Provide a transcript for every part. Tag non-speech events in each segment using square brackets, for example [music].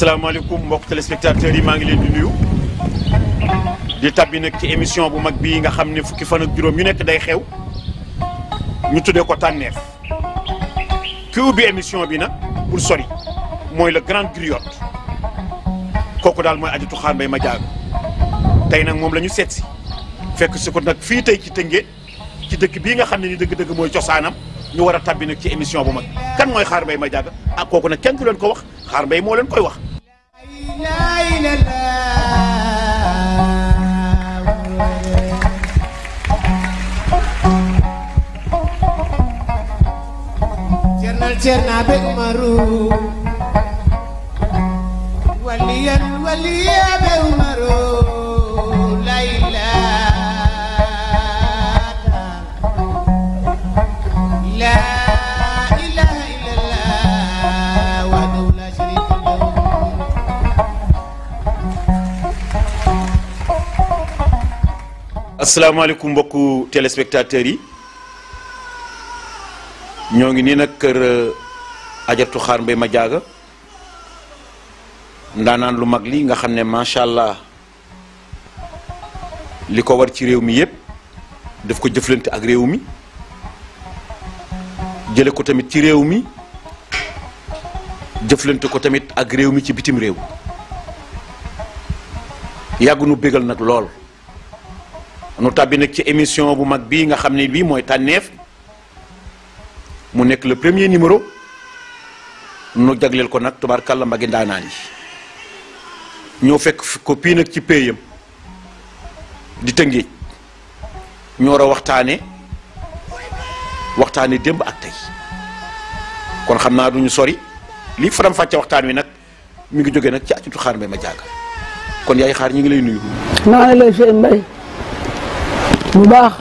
asalaamaaleykum mbokk téléspectateurs yi maa ngi leen di nuyu di tàbbi nag ci émission bu mag bii nga xam ne fukki fan juróom yu nekk day xew ñu tuddee ko tànneef ki ubbi émission bi nag pour sori mooy le grande griotte kooku daal mooy Ajatou Xaar ma Madiago tey nag moom la ñu seet si fekk si ko nag fii tey ci Tëngéej ci dëkk bii nga xam ne ni dëgg-dëgg mooy cosaanam ñu war a tàbbi nag ci émission bu mag kan mooy Xaar ma Madiago ak ah, kooku nag kenn leen ko wax Xaar moo leen koy wax Cerna beg Umaru waliyan waliya be Umaru asalaamaaleykum mbokku téléspectateurs yi ñoo ngi nii nag kër euh, ajatu xaar mbay ma jaaga ndaanaan lu mag li nga xam ne macha allah li ko war ci réew mi yépp def ko jëflante ak réew mi jële ko tamit ci réew mi jëflante ko tamit ak réew mi ci bitim réew yàgg nu bégal nag lool nu tàbbi nag ci émission bu mag bii nga xam ne bii mooy tànneef mu nekk la premier numéro nu jagleel ko nag tubaarkàlla mbagi ndaanaan yi ñoo fekk ko nag ci péeyam di tëngéej ñoo war a waxtaane waxtaane démb ak tey kon xam naa duñu sori lii faram fàcce waxtaan wi nag mu ngi jóge nag ci accutu xaar mbay ma jaaga kon yaay xaar ñu ngi lay nuyu maa ngi lay fay mbay bu baax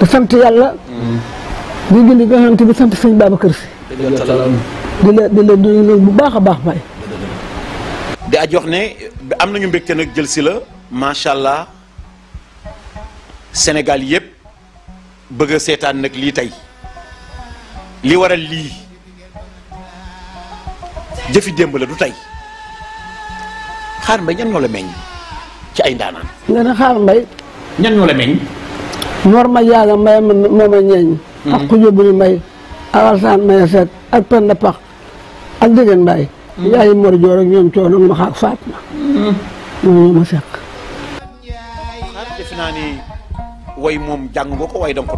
da sant yàlla di julli nga bi sant sëñ Babacar Si di la di la nuyu bu baax a baax bay di aj ne am nañu mbégte nag jël si la macha allah Sénégal yëpp bëgg a seetaan nag lii tey li waral lii jëfi démb la du tey xaar mbay ñan ñoo la meññ ci ay ndaanaan nga ne xaar mbay ñan ñoo la Mor ma jaaga may ma ma ñeeñ. Mm-hmm. ak ku jublu may. Alassane may set ak Penda Pax ak Degen Mbaye. Mm-hmm. yaayi Mor Dior ak ñoom coono ma xaak Fatma. Mm-hmm. ñoo ma seq. xanaa defe way moom jàng nga ko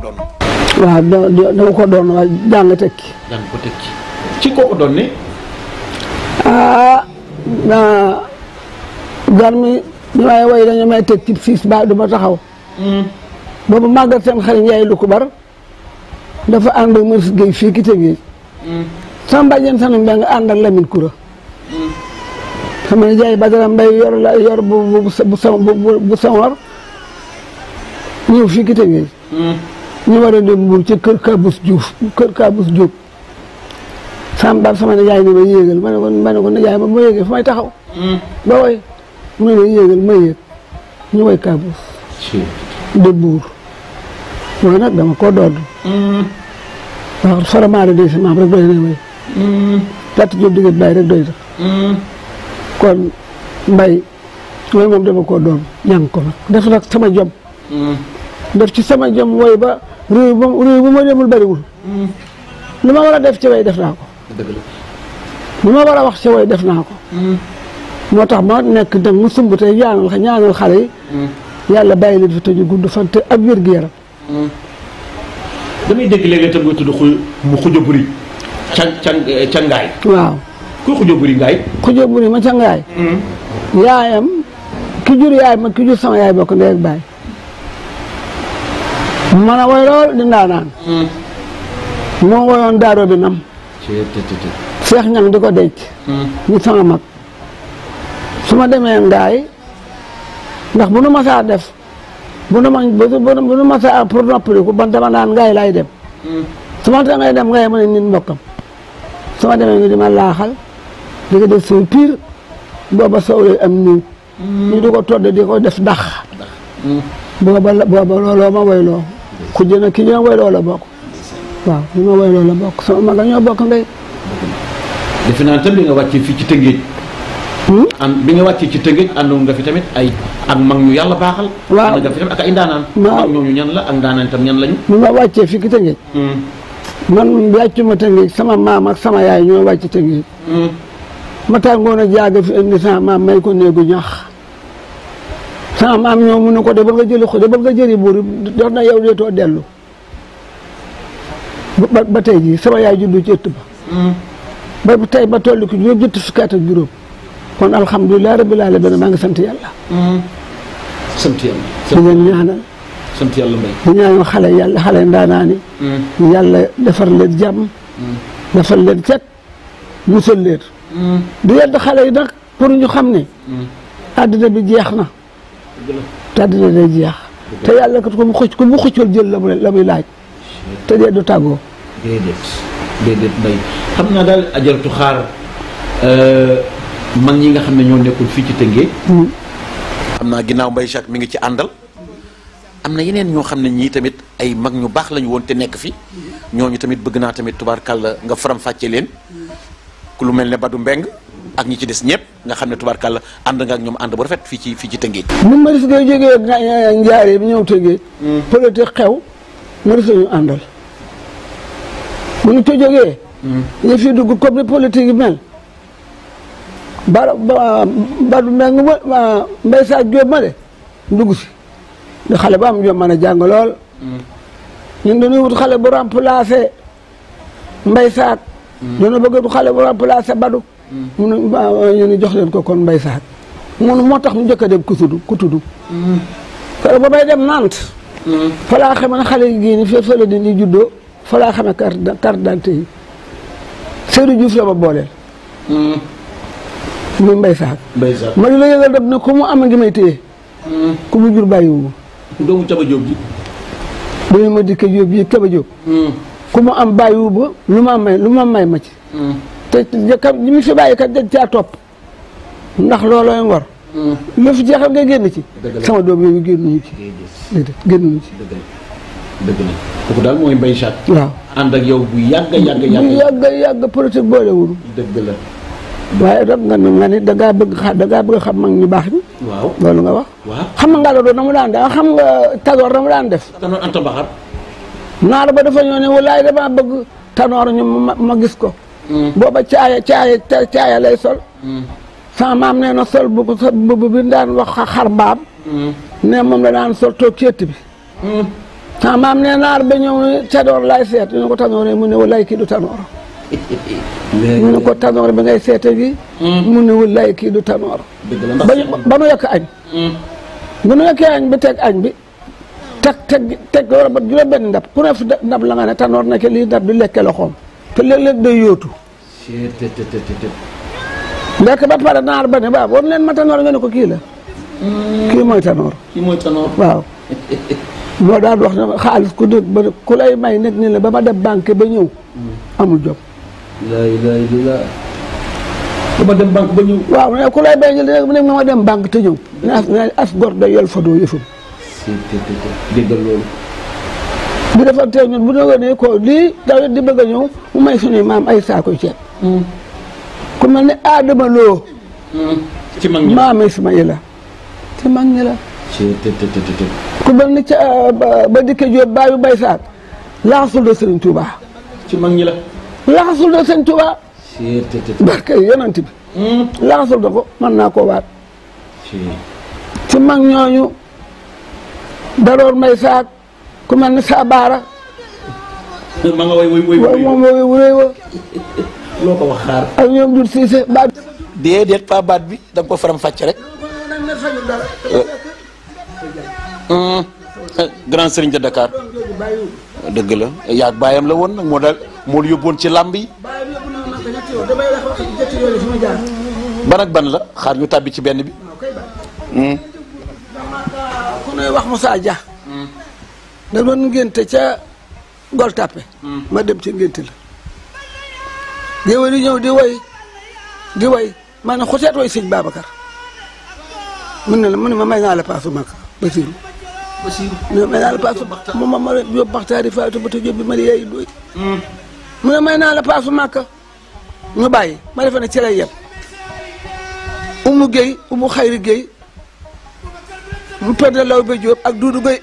doon. waaw jàng tekki. ci koo doon ne. ah garmi waaye way dañu may teg ci siis baa du ma taxaw mm. boobu màggat seen xarit yaay lu ko bar dafa ànd ak Maurice Gueye fii ki tëgee mm. samba jeen ba nga ànd ak Lamine Koura mm. xam ne jaay Badara Mbaye yor la yor bu bu bu bu sawar kër Kabus Diouf kër Kabus Diouf samba sama yaay ni ma yéegal ma ne ko ma ne ko ne ma ma yéegee fu may taxaw ba woy mu ne yéegal ma yéeg ñu way kaabuus de buur mooy nag dama ko dood mm. waaw faramaare di si maam rek doy na way laata mm. jóob diggante bàyyi rek doy na mm. kon mbay mooy moom dama koo doon jàng ko nag def nag sama jom def ci sama jom woy ba réew ba réew bu ma demul bariwul lu ma war a def ci way def naa ko lu ma war a wax ci way def naa ko moo tax ma nekk nag mu sumb tey ñaanal xale yi. Mm. yàlla bàyyi leen fi te ñu gudd fan ak wér gu yaram. Mm. damay dégg léegi itam mu xuj a buri. can can eh, cangaay. waaw ku xuj a buri ngaay. xuj buri ma cangaay. Mm. yaayam ki jur yaay ma ki jur sama yaay bokk ndey ak baay. man a woy lool di ndaanaan. moo woyoon daaroo bi nam. seex ñang di ko denc. ñu sama mag. su ma demee ngaay ndax bu nu masaa def bu nu ma bu nu masaa pour noppaliku ban dama naan ngaay laay dem su ma ta ngay dem ngaay ma ne nit mbokkam su ma demee ñu di ma laaxal di ko def soow piir booba soow lay am nii mm. ñu di ko todd di ko def ndax mm. booba booba looloo ma woyloo ku jëna ki ñoo woy la bokk waaw ñu ma woyloo la bokk sama ma nga ñoo bokk ngay defe naa tam li nga wàcce fii ci Tëngéej Hmm? an bi nga wàccee ci tëngëj àndoon nga fi tamit ay ak mag ñu yàlla baaxal waaw nga fi tamit ak ay ndaanaan mag ñooñu ñan la ak ndaanaan itam ñan lañu ñu nga wàccee fii ki tëngëj hmm. man wàccuma tëngëj sama maam ak sama yaay ñoo wàcc tëngëj hmm. ma tàngoon a jaaga fi indi may ko néegu ñax sama maam ñoo mun ne ko demal nga jëli ko demal nga jëli buur dox na yow deetoo dellu ba tey jii sama yaay juddu ci ëtt ba ba tey ba tollu ko juróom ñetti fukki juróom kon alhamdulilah rabbil alamin maa ngi sant yàlla. sant mm-hmm. yàlla. sant yàlla di leen ñaanal. sant yàlla mbay. di ñaanal xale yàlla mm-hmm. defar leen jàmm. Mm-hmm. defar leen cet musal leen. di yedd xale yi nag pour ñu xam ne. àddina bi jeex na. te di day jeex. te yàlla kat ku mu xëcc ku mu xëccoon jël la muy laaj. te dee du tàggoo. déedéet déedéet mag ñi nga xam ne ñoo nekkul fii ci Tëngéej. Mm. am naa ginnaaw mbay Jacques mi ngi ci àndal am na yeneen ñoo xam ne ñii tamit ay mag ñu baax lañu woon te nekk fi ñooñu tamit bëgg naa tamit tubaarkàlla nga faram fàcce leen ku lu mel ne Badou Mbeng ak ñi ci des ñëpp nga xam ne kàll ànd nga ak ñoom ànd bu rafet fii ci fii ci Tëngéej. ñun Maris ngay jógee Njaaree bi ñëw Tëngéej. Mm. politique xew Maris la ñu àndal. bu ñu ko jógee. ñu mm. fi dugg comme ni politique yi mel. Ba Badou Mbengue ma Mbaye Sarr Diop ma de dugg si xale bu am jom mën a jàng lool. ñun dañuy xale bu remplacé Mbaye Sarr. dañoo bëgg xale bu remplacé Badou. mu ne jox leen ko kon Mbaye Sarr. mun moo tax mu njëkk a dem ku tudd ku tudd. keroog ba may dem Nantes. fa laa xamee ne xale yi génn fii fa la di ñuy juddoo fa laa xamee carte carte d'identité yi Seydou Diouf la ma booleel. muy Mbaye Sarr. Mbaye Sarr ma di la yëgal dem ne ku mu am a ngi may téye. Hmm. ku mu jur bàyyiwuma. doomu Caba Diop bu ñu ma dikkee Diop ji Caba Diop. ku mu am bàyyiwu ba lu ma may lu ma may ma ci. Hmm. te kam ñi mu fi bàyyi kat dañ caa topp ndax loolooy ngor. Hmm. lu fi jeexal nga génn ci. sama doom yooyu génnuñu ci. dëgg la génnuñu ci. dëgg la daal mooy Mbaye Sarr. waaw ànd ak yow bu yàgg yàgg yàgg. bu yàgg boolewul. dëgg la. waaye rek nga ne nga ne da bëgg xa da bëgg xam mag ñu baax ñi. waaw loolu nga wax. waaw xam nga la na mu daan def xam nga tanoor na mu daan def. tanoor Anta Baxar. naar ba dafa ñëw ne walaay damaa bëgg tanoor ñu ma ma gis ko. Hmm. booba caaya caaya caaya lay sol. Hmm. sama maam nee na sol bu bu bu bi daan wax xar mbaam. Hmm. ne moom la daan sol toog ci bi. sama maam nee naar ba ñëw ne tanoor laay seet ñu ko tanooree mu ne walaay kii du tanoor. mu ne ko tanoor bi ngay seete bi hmm. mu ne wallaay kii du tanoor ba nu yokk añ hmm. bu nu yokkee añ bi teg añ bi teg teg teg war a ba juróom benn ndab ku ne fi ndab la nga ne tanoor nekk lii ndab du lekke loxoom te léeg-léeg day yóotu lekk ba pare naar ba ne waaw woon leen ma tanoor nga ne ko kii la hmm. kii mooy tanoor kii mooy tanoor waaw [laughs] moo daan wax ne xaalis ku ne ku lay may nag ne la ba ma dem banque ba ñëw amul jom la ilaha illallah dama dem banque ba ñëw. waaw ne ku lay béy mu ne ma dem bank te ñëw ne as ne as gor day yol fadoo yëfam. si te te te déggal loolu. bu defar ne ko lii daaw di bëgg a ñëw mu may suñuy maam ay saako ceeb. Hmm. ku mel ne Adama Lo. Hmm. ci mag ñi la maam Ismaïla ci mag la. si te te te te. ku ne ba dikkee Diop baayu bay saak laasul de Serigne Touba. ci mag ñi la. laxasul na sëñ Tuubaa barke yonent bi laxasul na ko man naa koo waat ci mag ñooñu daroor may saak ku ni Saabara ma nga way way way moom way wuréy wa ko wax xaar ak siise baat déedéet pas baat bi da koo ko faram fàcc rek euh, euh, grand sëriñ de Dakar dëgg la yaa bàyyam la woon nag moo da moo yóbboon ci làmb yi. ban ban la xaar ñu tàbbi ci benn bi. Hmm. ku nuy wax Moussa Dia. da hmm. doon ngénte ca Ngol Tappe. Hmm. ma dem ci ngénte la. géwél yi ñëw di way di way maanaam xuteet way sëñ Babacar mun na la mu ne ma may naa la paasu mag Basiru may naa la paasu mu ma ma yóbbu baxtaari faatu ba ta jóbbi mari yaay dooy mu ne may naa la paasu màkka ñu bàyyi ma defe ne ci lay yem umu géy umu xayri géy mu pende law ba jóob ak duudu géy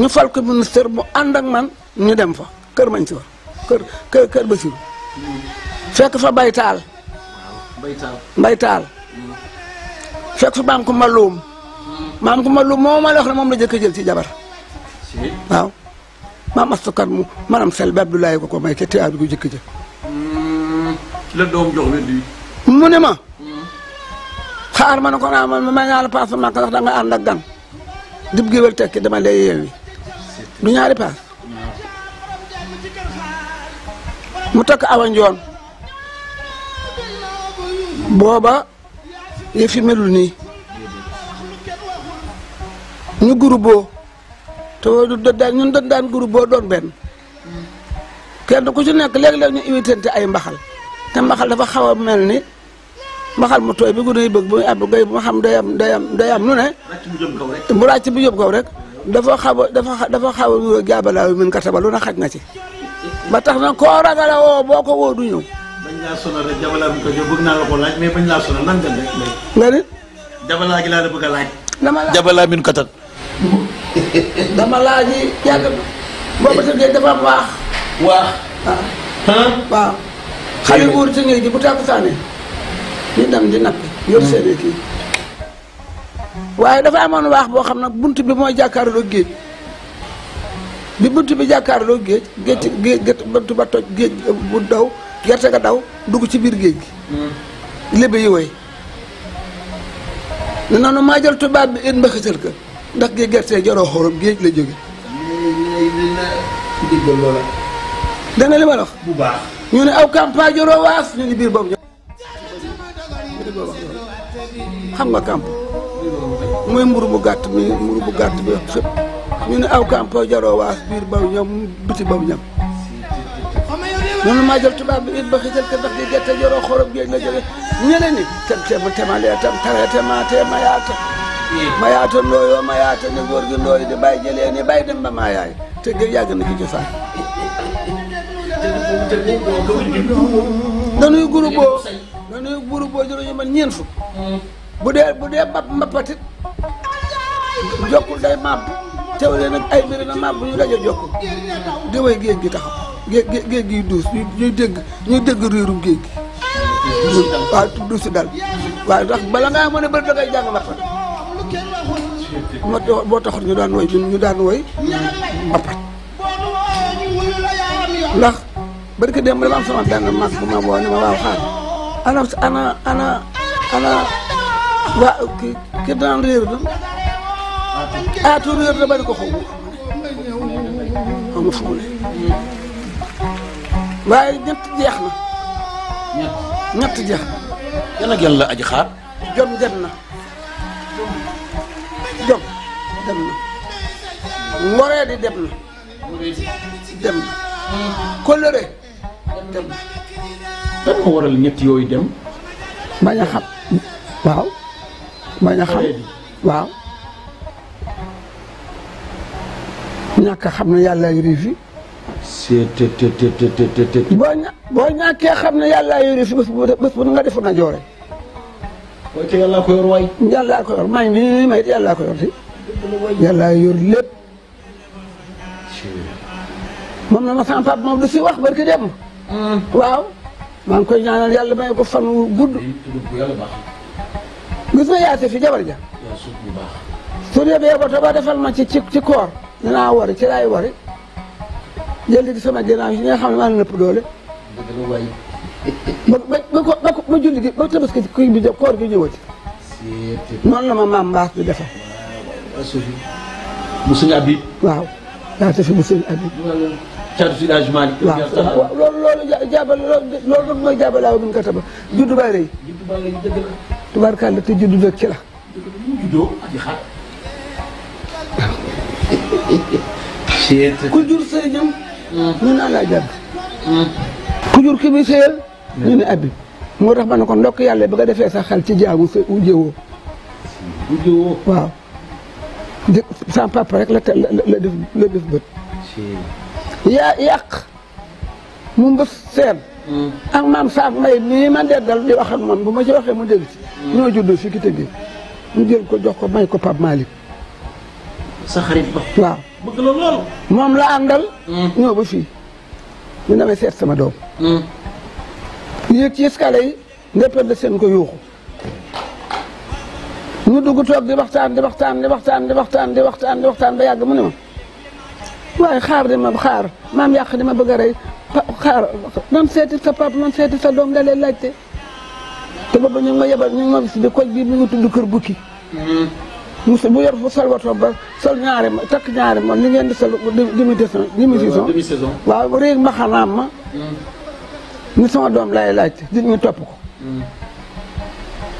ñu fal ko ministère mu ànd man ñu dem fa kër mañ si kër kër kër ba siw fekk fa baytaal baytaal fekk fa baam ko maloom maam ku ma lu moo la wax moom la jëkk jël ci jabar waaw maam astukan mu maanaam sel bi Abdoulaye ko ko may ca tiyaar bi ko jëkk jël la doom jox wedd wi mu ne ma hmm. xaar ma ne ko naa ma may paas ma ko ndax da nga ànd ak gan dib géwél tekki dama lay yeewi du paas hmm. mu takk awa njoon booba yëf yi melul nii ñu groupoo te da daan ñun dañ daan groupoo doon benn kenn ku ci nekk léeg-léeg ñu invitante ay mbaxal te mbaxal dafa xaw a mel ni mbaxal mu tooy bi gune yi bëgg bu ab gay bu xam day am day am day am nu ne bu ràcc bu jëm kaw rek dafa xaw a dafa dafa xaw a wéy jaabalaaw yi mën kataba lu na ci ba tax na koo ragala boo ko woo du ñëw bañ laa sonal rek jabalaa la ko laaj mais bañ laa sonal nan nga def nga ni jabalaa gi la bëgg a laaj jabalaa min [laughs] dama laa ji yàgg booba tëddee dafa am waax. waax. ah waaw. xale wóor ci néeg gi bu tàkkusaanee ñu dem di nappi yor seen kii waaye dafa amoon waax boo xam na bunt bi mooy jàkkaarloo géej bi bunt bi jàkkaarloo géej. géej géej bunt ba toj géej bu daw gerte ga daw dugg ci biir géej gi. Hmm. lébi yi woy. ne noonu maa jël tubaab bi it mbëxëtal ka ndax gi gerte jaroo xorom géej la jóge dégg nga li ma la wax. bu baax ñu ne aw campagne jaroo waas ñu ne biir boobu. xam nga camp mooy mburu bu gàtt mi mburu bu gàtt bi sëpp ñu ne aw camp jaroo waas biir baw ñam biti baw ñam mënu maa jël tubaab bi it ba xital ke ndax di gerte jaroo xorom géej la jóge ñeneen ni tem tem temale tam tare tema teema yaata mayaata ndooyoo mayaata ne góor gi ndooy di bàyyi jëlee ne bàyyi dem ba maa te gën yàgg na ci cosaan dañuy groupe dañuy groupe juróomi man ñeent bu dee bu dee mbapp mbappatit jokkul day màbb teew leen nag ay mbiri na màbb ñu daje jokkul di way géej gi taxaw géej géej gi duus ñuy dégg ñuy dégg réerum géej gi waaw duusi dal waaye tax bala ngaa mën a bëri dangay jàng mbappat moo doon moo taxoon ñu daan woy ñu daan woy mbappat ndax bari ko dem ba dama am sama benn mag bu ma ne ma waaw xaar ana ana ana waa ki ki daan réer na aatu réer na bari ko xaw ma fu waaye ñett jeex na ñett jeex na yan ak na jom dem na di dem na dem na kóllëre dem na lan moo waral ñett yooyu dem bañ a xam waaw bañ a xam waaw ñàkk xam ne yàlla ngi fi boo ñàkkee xam ne yàlla yore fi bés bu bés bu nga defoon na joore waaye te yàllaa ko yor waay. yàllaa ko yor maa ngi nii may yàllaa ko yor si. yàllaa yor lépp. moom la ma sama papa moom du si wax barki dem. waaw. maa ngi koy ñaanal yàlla may ko fan wu gudd. gis nga yaase fi ja. su dee ba te ba defal ma ci ci ci koor. dinaa wari ci laay wari. jël di sama ginnaaw yi nga xam ne maa ngi nëpp doole. ba ba ba ba julli gi ba tabaski kuy bi koor la ma maam mbaas bi defal. mu sëñ waaw daa tafi mu sëñ waaw loolu loolu jaabal loolu rek mooy jaabalaaw bi ñu ko tabax. juddu baa rëy. juddu la. tubaarkàlla te juddu dëkk ci la. juddoo ak i xaar. ku ñu ne Habib moo tax ma ne ko ndokk yàlla ba nga defee sax xel ci jaamu sa wujjewoo wujjewoo waaw di sans papa rek la la def la def bët yaa yàq mu mbës seen hmm. ak maam saaf may nii ma dal di wax ak moom bu ma ci waxee mu dégg ci hmm. ñoo juddoo fii ki tëggee ñu jël ko jox ko may ko Pape Malick sa xarit ba waaw bëgg la lool moom la hmm. ba fii ñu nawee seet sama doom ñu yëg ci escalier yi nga perdre seen ko yuuxu ñu dugg toog di waxtaan di waxtaan di waxtaan di waxtaan di waxtaan di waxtaan ba yàgg mu ne ma waaye xaar di ma xaar maam yàq di ma bëgg a rey xaar nan seeti sa pap nan seeti sa doom da leen laajte te boobu ñu ma yebal ñu ma bis bi koñ bii mi ngi tudd kër bukki musu sol wato ba sol ñaari ma takk ñaari ma li ngeen di sol demi saison demi saison waaw réeg mbaxanaam ma mm-hmm. ni sama doom laay laaj di ñu topp ko.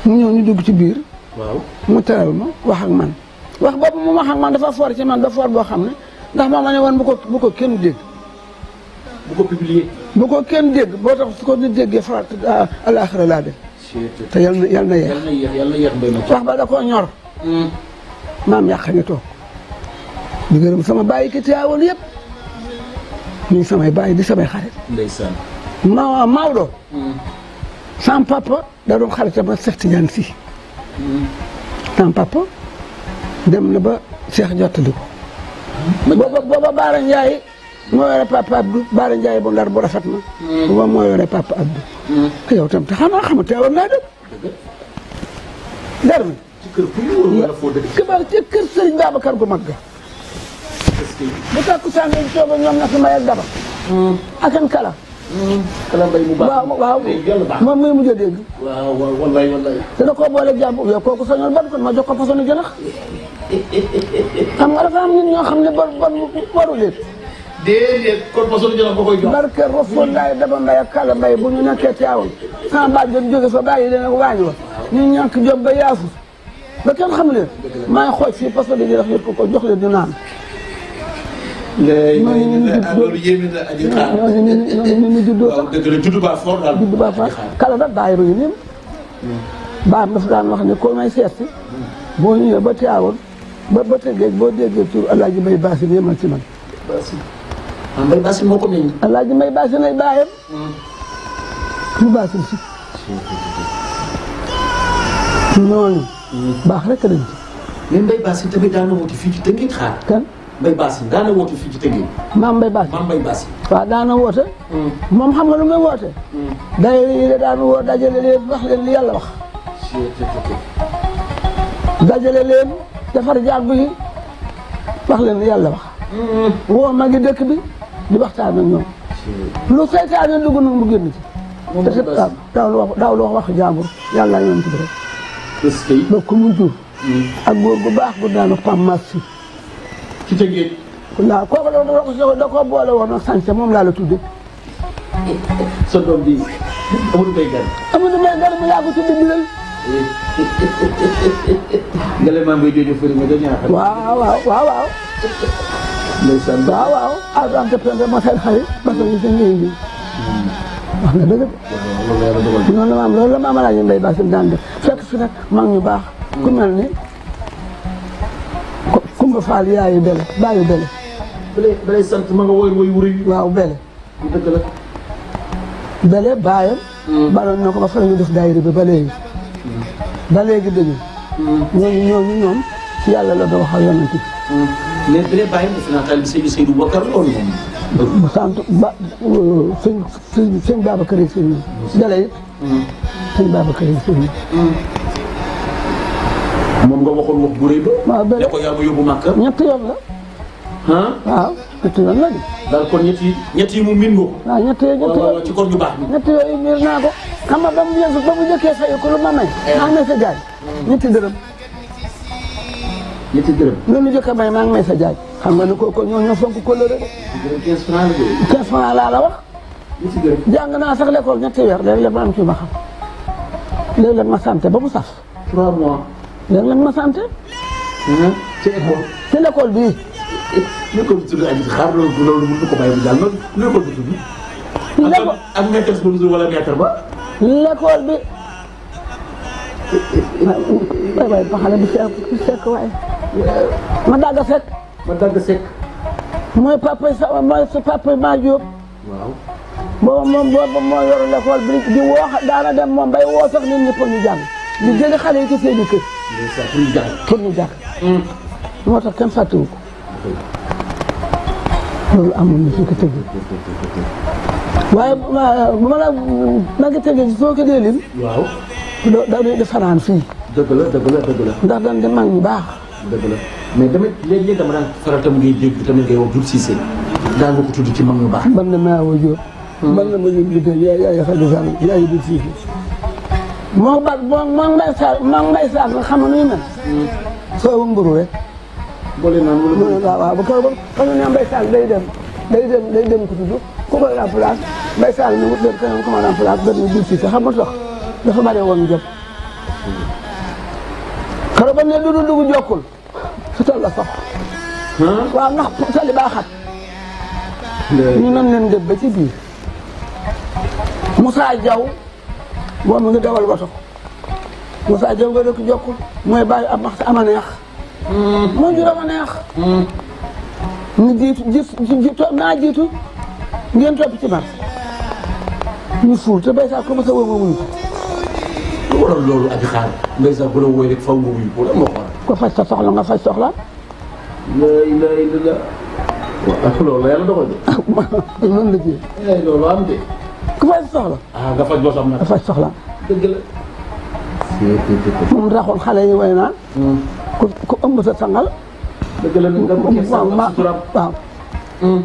mu ñëw ñu dugg ci biir. waaw mu teral ma wax ak man. wax boobu mu wax ak man dafa foor ci man ba foor boo xam ne ndax moom la ne woon bu ko bu ko kenn dégg. bu ko kenn dégg boo tax su ko ñu déggee farat ah, alaaxira laa dem. te yal na yal na yeex yal wax ba da koo ñor. Hmm. maam yàq ñu toog. di sama bàyyi ki teewoon yëpp. ñu samay bàyyi di samay xarit. ma Maodo. sama papa da doon xaritam ak Cheikh Tidiane Sy. sama papa dem na ba Cheikh jottali ko. booba booba Baara Ndiaye moo yore papa Abdou Baara Ndiaye bu ndar bu rafet na. booba tam te xanaa xamul te war naa dem. mi. ci kër ci kër Serigne Babacar gu mag ga. bu tàkku saa ngay toog na fi may ak daba. Hmm. akan kala. kala mbay mu baax waaw waaw moom muy mujj a dégg. waaw waaw wallaay wallaay. dana koo boole jàmm yow kooku sañoon ban kon ma jox ko façon ni jënax xam nga dafa am ñun ñoo xam ne ban ban waru leen. déedéet kon façon jënax ba koy mbay kala mbay bu ñu nekkee teewoon. sans bàjj ak jóge fa bàyyi leen ak waañu wa ñu ñàkk jom ba yaasu ba kenn xam leen. maa ngi xooj fii façon ni jënax yëpp ko jox leen naan. loolu yéeme na juddoo sax dëgg la juddu baa foor daal juddu baa foor kala da daay daan wax ne koo may seet si boo ñëwee ba teewoon ba ba tëggeeg boo déggee tur alaaji may baasin yéemal ci man ah, mbay baasin moo ko meññ alaaji may baasin ay baayam mu baasin si noonu hmm. baax rek lañ ci mais mbay baasin tamit daana ci Mbaye Bass yi daana woote fii ci Tëngéej. maam Mbaye Bass maam Mbaye Bass. waaw daana woote. Hmm. moom xam nga lu muy woote. Hmm. day da daan woo dajale leen wax leen li yàlla wax. dajale leen defar jàggu yi wax leen li yàlla wax. Hmm. woo ma ngi dëkk bi di waxtaan ak ñoom. lu seytaane dugg nag mu génn ci. moom Mbaye Bass daaw wax daaw wax wax jàmbur yàlla nañu ci rek. ba ku mu jur. ak góor gu baax gu daanu PAM Massi. ci tëngeej. waaw kooku da da koo boole woon moom laa la tudde sa doom bi amul bay gan. amul bay gan mu yaa ko tudde Bilal. ngelaw maa ngi bay jooju fëri ma dañuy àq. waaw waaw waaw waaw. wax na dëgg. waaw la ma am la ma am laaj mbay ba seen daan def fekk fi nag mag ñu ku mel ni. Kumba Fall yaayu Bele baayu Bele. Bele Bele sant ma nga woy woy wuri. Bele. dëgg Bele baayam. Hmm. baloon na ko ba fa ñu def daayira bi ba léegi. Hmm. ba léegi dañu. Hmm. ñooñu ñooñu ñoom ci yàlla la doon wax ak yonent bi. mais Bele baayam defe sant ba sëñ sëñ yi sëñ Bele it. sëñ Babacar moom nga waxoon wax bu rëy ba. ko yaa ma yóbbu Màkka. yoon la. ah. waaw ñett yoon la de. daal kon mu min nga ko. waaw ñett yooyu ñett yooyu ci miir naa ko. xam nga ba mu yëngu ba mu njëkkee fay ko lu ma may. Eh. maa ngi may sa jaay. ñetti dërëm. njëkk a may ngi may sa jaay. xam nga ni ko ko ñoo ñoo fonk kóllëre de. 15 francs la de. 15 laa la wax. jàng naa sax l'école ñetti weer léeg-léeg ma am ci ma xam léeg-léeg ma sant ba mu saf. 3 mois. léegi la ma sant. Hmm? ci école. ci l'école bii. l'école bi tudd na ba. xale bi fekk fekk ma dagg fekk. ma dagg fekk. mooy mooy sa papa maa di woo daana dem moom bay woo sax nit ñi pour ñu di jëli xale yi ci pour ñu jàkk moo tax kenn fàttewu ko loolu amul ni fi ko tëggee waaye bu ma la ma ngi soo ko dee lim waaw da doy di fanaan fii dëgg la dëgg la dëgg la ndax daan di mag ñu baax dëgg la mais tamit léeg-léeg dama daan faral tam ngay dégg tamit ngay wax Doudou Cissé daa nga ko tudd ci mag ñu baax man na maa woo jóor ma jóor liggéey yaay yaay xadi sàll yaay Doudou Cissé moo bat moo moo mbay saa moo mbay saa ko xam nu ñu mel. soobu mburu rek. boole naa mburu waaw waaw bu ko xam ne mbay saa day dem day dem day dem ku tudd ku koy remplace mbay saa ñu wut leen keneen ku ma remplace benn biir si xam nga sax dafa bare woon jëm. xarala ba ne du du dugg jokkul su toll la sax. waaw ndax tali baaxat. ñu nan leen dëb ba ci biir Moussa Diaw. moom mu ngi dawal woto Moussa nga dëkk jokk mooy bàyyi ab maxta ama neex hmm. moo jur ama neex ñu hmm. jiitu jiitu jiitu ngeen topp ci man ñu suul te Mbaye Sarr ko mos a woo nga wuyu ko faj soxla nga faj soxla la ilaha illallah waaw loolu la yàlla doxal de noonu [laughs] ku fay soxla. ah nga faj soxla. nga faj xale yi way naan. Hmm. ku ku ëmb sangal. dëgg la nga ko kii sangal ak waaw. Hmm.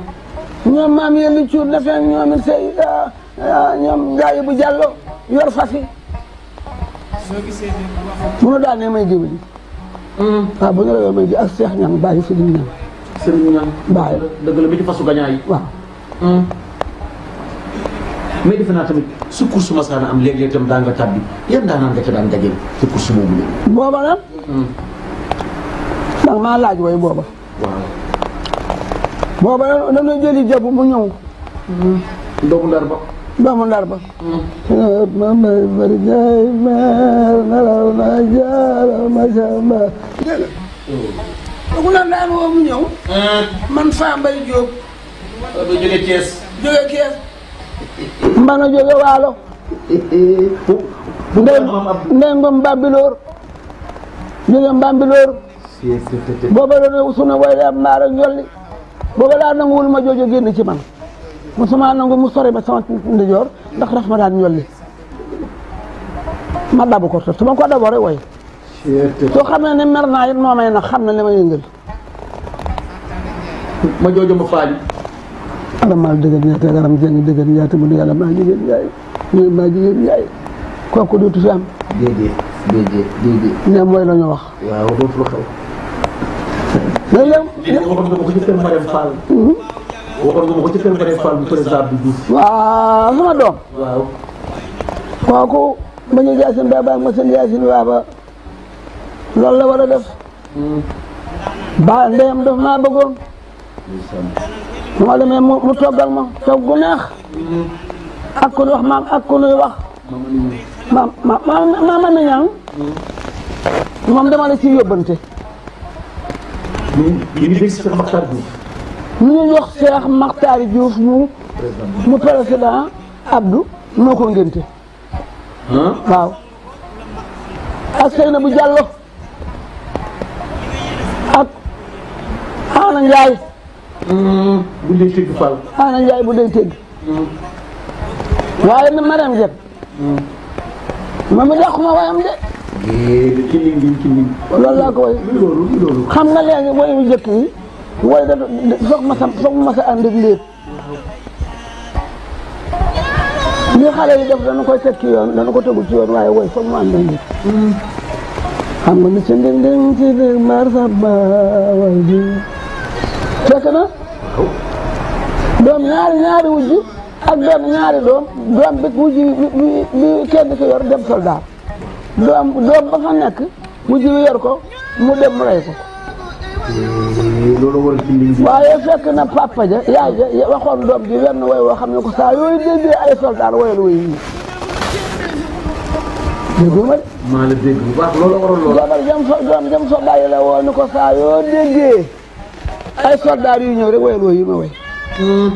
ñoom maam yéen li na feen ñoom it say ah, ah, ñoom Ndiaye bu Diallo yor fas yi. bu ñu may jiw hmm. ah, bu ñu la may ji ak Cheikh Niang bàyyi Serigne Niang. Serigne Niang. bàyyi dëgg la bi ci fasu gañaay. waaw. mais defe naa tamit su course masaana am léeg-léeg tam daa nga tàbbi yan daanaan nga ca daan dajeel ci course boobu léegi. booba lan. Hmm. ndax maa laaj way booba. waaw. booba dañoo jëli jabu mu ñëw. Hmm. doomu ndar ba. doomu ndar ba. ma ma bari jaay ma naraw naa jaara ma samba. dégg nga. ku ne daan woo mu ñëw. Hmm. man Fambaye Diop. ba jóge Thiès. jóge Thiès. mbana jóge waalo ndey ngom bambiloor jóge bambiloor booba doon sunu wayla mbaara njolli booba laa nanguwul ma joojo génn ci man musuma nangu mu sore ma sama ndijoor ndax raf ma daan njolli ma dabu ko su ma ko daboo rek way soo xam ne ne mer naa it moo na xam na li ma yëngal ma alamal dëgër yaata yaram jeng dëgër yaata mu maa jigéen yaay ñu maa jigéen yaay kooku am. déedéet déedéet déedéet. wax. waaw dootul xew. loolu la. léegi waxoon hmm? sama doom. kooku ma ñu Yacine Ba Ba ma seen Yacine Ba Ba loolu la war a def. Hmm. ba ndeyam daf maa bëggoon. bu ma demee mu mu toggal ma toog gu neex ak ku nuy wax maam ak ku nuy wax maam maam maam ma ñaan moom dama la ciy yóbbante. ñu ngi dégg Cheikh Makhtar Diouf. ñu ngi wax Cheikh Makhtar Diouf mu mu président Abdou moo ko ngénte. waaw. ak Seynabou Diallo ak Aana Ndiaye. bu dee tëgg Fall. bu dee tëgg. waaye na maram jëm. moom it dàqu ma wayam de. ci laa ko way xam nga léegi wayu njëkk yi way da foog ma sa foog ma sa ànd ak léegi. li xale yi def teg ci yoon dañu ko tegu ci yoon waaye way foog ma ànd ak léegi. Hmm. xam nga ni ci ndéng mar sa baawal bi. fekk na doom ñaari ñaari wujj ak benn ñaari doom doom bi wujj bi kenn ki yor dem soldaar doom doom ba fa nekk wujj bi yor ko mu dem rey ko waaye fekk na papa ja yaay ja waxoon doom ji wenn woy woo xam ne ko saa yooyu déggee ay soldaar woyal la dégg bu baax loolu waroon soldaar yi la woo ni ko saa yoo déggee ay soldaar yu ñëw rek woyal wooyu ma woy hmm.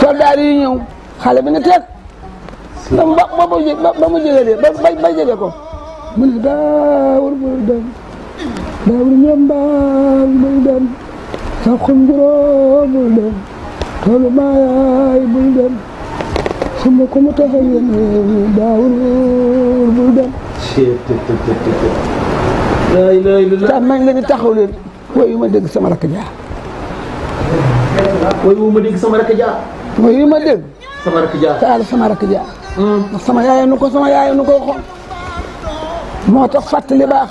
soldaar yu ñëw xale ba mu ba ba ba mu jëgalee ba ba jege ko mu ne daawul mooy dem daawul ñambaar mooy dem saxum juróom mooy dem toolu maayaay mooy dem suma ko mu taxa yéene daawul mooy dem. tax mañ la ni taxaw way yu ma dégg sama rakk jaar. way ma dégg sama rakk jaar. way yu ma dégg. sama rakk jaar taal sama rakk jaar. Hmm. sama yaay nu ko sama yaay nu moo tax fàttali baax.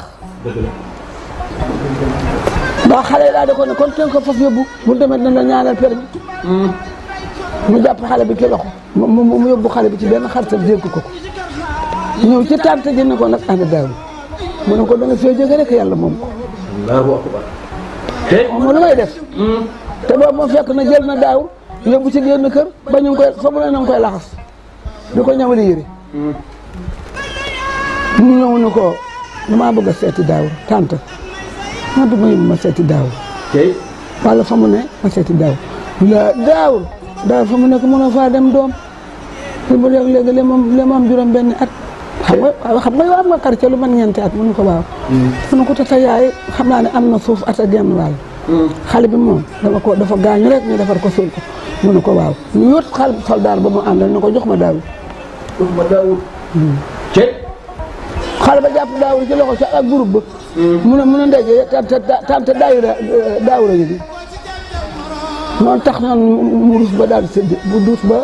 ba xale yi daal di ko ne kon kenn ko fas yóbbu bu demee dinañ la ñaanal per hmm. mu jàpp xale bi ci loxo. mu mu yóbbu xale bi ci benn xaritam dégg ko ko. ñëw ci tànn te jënd ko nag ànd daaw mu ne ko danga fee jóge rek yàlla moom ko. mu lu may def mm. te boobu ma fekk na jël na daaw bu ci génn kër ba ñu ko koy fa mu ne na nga koy laxas di ko ñawali yëri ñu mm. ñëw ñu ko damaa bëgg a seeti daaw tante ma dama yóbbu ma seeti daaw wala fa mu ne ma seeti daaw la daaw daaw fa mu nekk mënoo faa dem doom li mu léegi léegi li moom juróom benn at xam xam nga am nga quartier lu man ñeenti at mënu ko waaw mënu ko tata yaay xam naa am na suuf at a genn wàll xale bi moom dama ko dafa gaañu rek ñu defar ko suul ko mënu ko waaw ñu yót xal soldaar ba mu àndal na ko jox ma daawul jox ma daawul hmm. ci xale ba jàpp daawul ci loxo sa ak groupe ba hmm. mu ne a ne ndaje tante daawura a gi noonu tax noonu mu ruus ba daal sëdd bu duus ba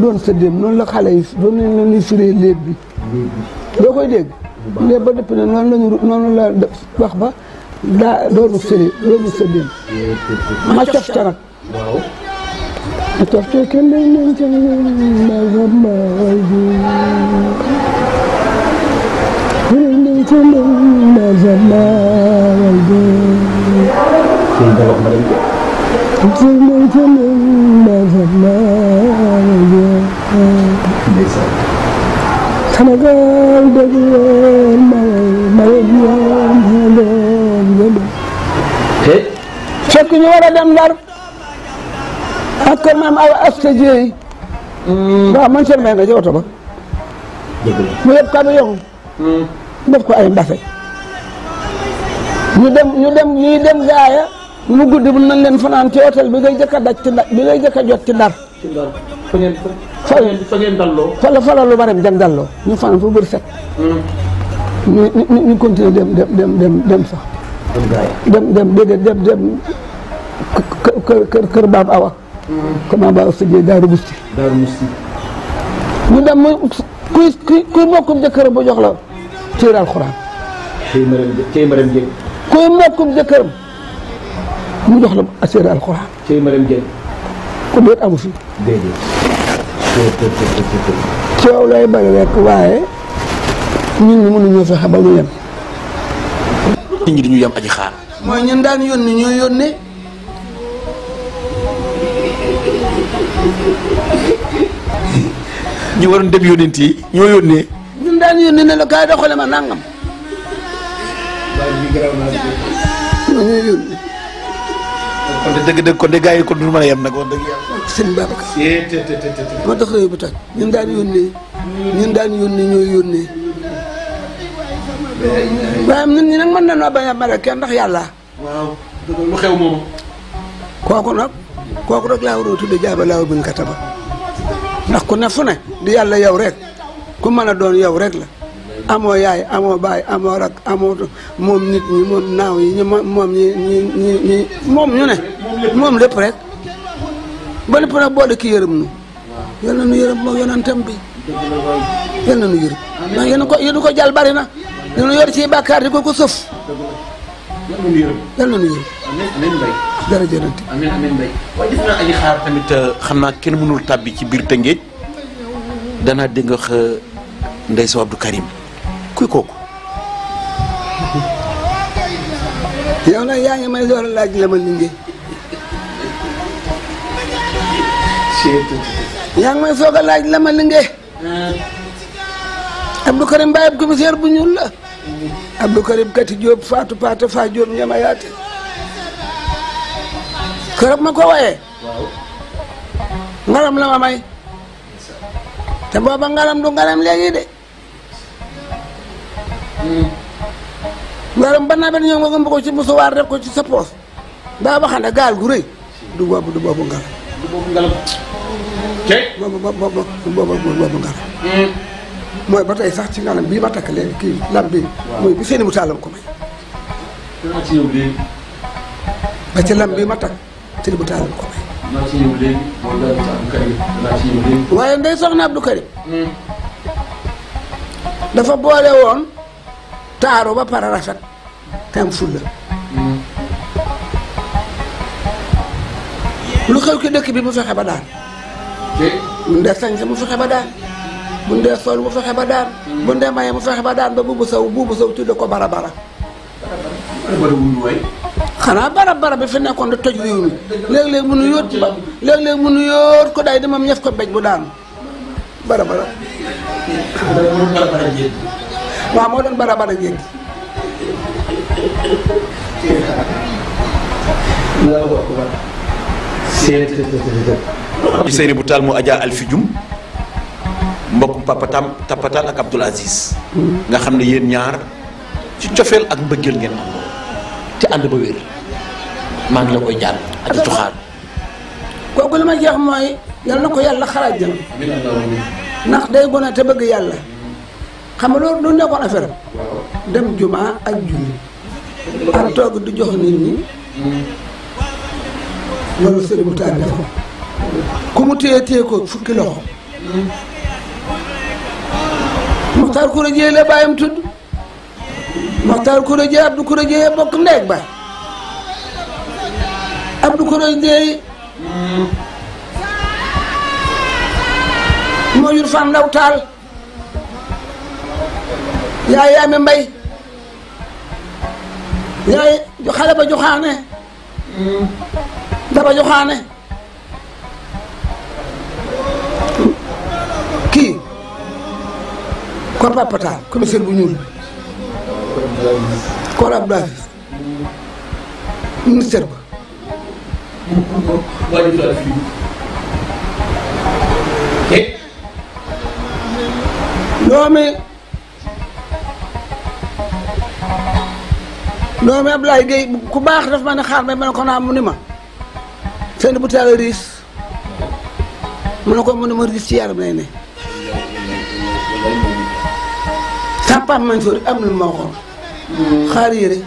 doon sëddeem noonu la xale yi doon nañ leen di firee léeb bi doo koy dégg lépp ba dëpp na noonu lañu noonu la wax ba daa doonu sëli doonu sëddin ma cof ca nag ma cof ca kenn day nañ ca magamba way ji nañ ca magamba way ji nañ ca magamba way ji Sénégal dégg ngeen maye maye fekk ñu war a dem Ndar ak kër maam aw asta Dieye. Hmm. waaw man seen may nga ci oto ba. mu yëpp kàddu yokku. Hmm. def ko ay mbase. ñu dem ñu dem ñuy dem gaaya mu guddi bu nañ leen fanaan ci hôtel bi ngay jëkk a daj ci ndar bi ngay jëkk a jot ci ndar. ci ndar fa ngeen fa ngeen fa ngeen dalloo. fa la dem dem ñu fanaan fa bëri ñu ñu ñu dem dem dem dem sax. dem kër kër Baab Awa. comment Baab Sëjee Daaru Musti. Daaru Musti. ñu dem muy kuy kuy kuy mbokkum jëkkëram bu jox la téere alxuraan. téye ma dem jë kuy mbokkum jëkkëram mu jox la téere alxuraan. téye ma dem ku déet amu fi. déedéet. coow lay bari rek waaye ñun ñu mënuñoo fexe ba mooy ñun daan yónni ñoo yónnee. ñu waroon dem yónneent yi ñoo yónnee. ñun daan yónni ne la kaay doxale ma nàngam waaw ñu gërëm kon de dégg dëgg kon de ko yi kon du mën a yem nag wax dëgg yàlla. sëñ Babacar. moo tax bu tàj ñun daan yónnee ñun daan yónnee ñooy yónnee. waaye ñun ñi nag mën nañoo bañ a mere kenn ndax yàlla. waaw lu xew moom. kooku nag kooku rek laa war a tuddee jaaba laaw bi nga kataba ndax ku ne fu di yàlla yow rek ku mën a doon yow rek la. amoo yaay amoo baay amoo rak amoo moom nit ñi moom lépp rek ba lépp rek boo ki yërëm nu. yal na nu yërëm moom yonentam bi. yal na nu yërëm. ndax yéen ko yéen bari na. ko ko sëf. yërëm. yal na nu yërëm. amiin amiin naa ay xaar tamit euh, xam naa kenn mënul tàbbi ci biir Tëngéej danaa dégg nga euh, Ndeye Sow Karim. kuy kooku. yow nag yaa ngi may door a laaj la ma liggéey. yaa ngi may soog laaj la ma liggéey. Abdou Karim Mbaye ab commissaire bu ñuul la. Abdou Karim Kati Diop Fatou Pata Fa Diop ñama yaate. keroog ma ko wayee. ngalam la ma may. te booba ngalam du ngalam léegi de. ngaram hmm. bannaa benn ñoom nga ngëmb ko ci musuwaar def ko ci sa poos daa waxande gaal gu rëy du boobu du boobu ngalam mooy ba tey sax ci ngalam bii ma takk léegi kii lam bi mooy bi seeni mu ko may ba ci lam bii ma takk seeni mu taalam ko may waaye ndey soxna Abdou Karim hmm. dafa boole woon taaro ba pare rafet te am lu xew ci dëkk bi mu fexe ba daan mun dee sañse mu fexe ba daan mun dee sol mu fexe ba daan mun dee maye mu fexe ba daan ba buubu saw buubu saw tudde ko bara bara xanaa barab barab bi fi nekkoon da toj réew mi léeg-léeg mu nu yóot léeg-léeg mu nu yóot ko day di moom ñëf ko bej bu daanu bara waaw moo doon barabara géej gi. Ousseynou bu taal mu Adja Alfijum mbokkum papa tam tapatal ak Abdoul Aziz. nga xam ne yéen ñaar ci cofeel ak mbëggeel ngeen te ànd ba wér maa ngi la koy jàll aji tuxaar kooku li ma jeex mooy yal na ko yàlla xaraaj jëm ndax day gone te bëgg yàlla xam nga loolu loolu nekkoon affaire dem juma ak julli ak toog di jox nit ñi loolu sëriñ bu taal def ku mu téye téye ko fukki loxo Moxtaar Kouré Dieye la bàyyam tudd Moxtaar Kouré Dieye Abdou Kouré Dieye bokk ndeeg ba Abdou Kouré Dieye moo jur fan ndaw taal yaay yaay ma mbay yaay xale ba joxaane daba joxaane kii Korpa Pataar commissaire bu ñuul Kor Abdou Aziz ministère ba doomi non mais Abdoulaye Gueye ku baax daf ma ne xaar ma ne ko naa mu ni ma seen bu taal riis mu ne ko mu ne ma riis ci yaram lay ne sa pap mañ sori am lu ma waxoon xaar yére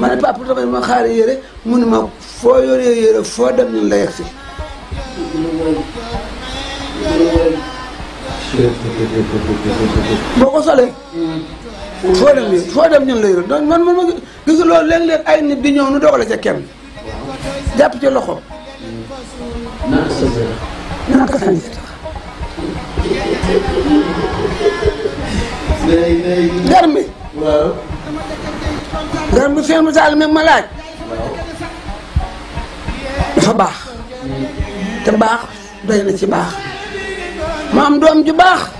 ma ne pap tamit ma xaar yére mu ne ma foo yoree yére foo dem ñun la yegg si boo ko solee foo dem dem ñun lay doon donc man man ma gis nga léeg-léeg ay nit di ñëw nu dogale sa kenn. jàpp ci loxo. naan ko sa naan ko garmi garmi seen misaal mi ma laaj. dafa baax. Mm. te baax doy na ci baax. ma am doom ju baax.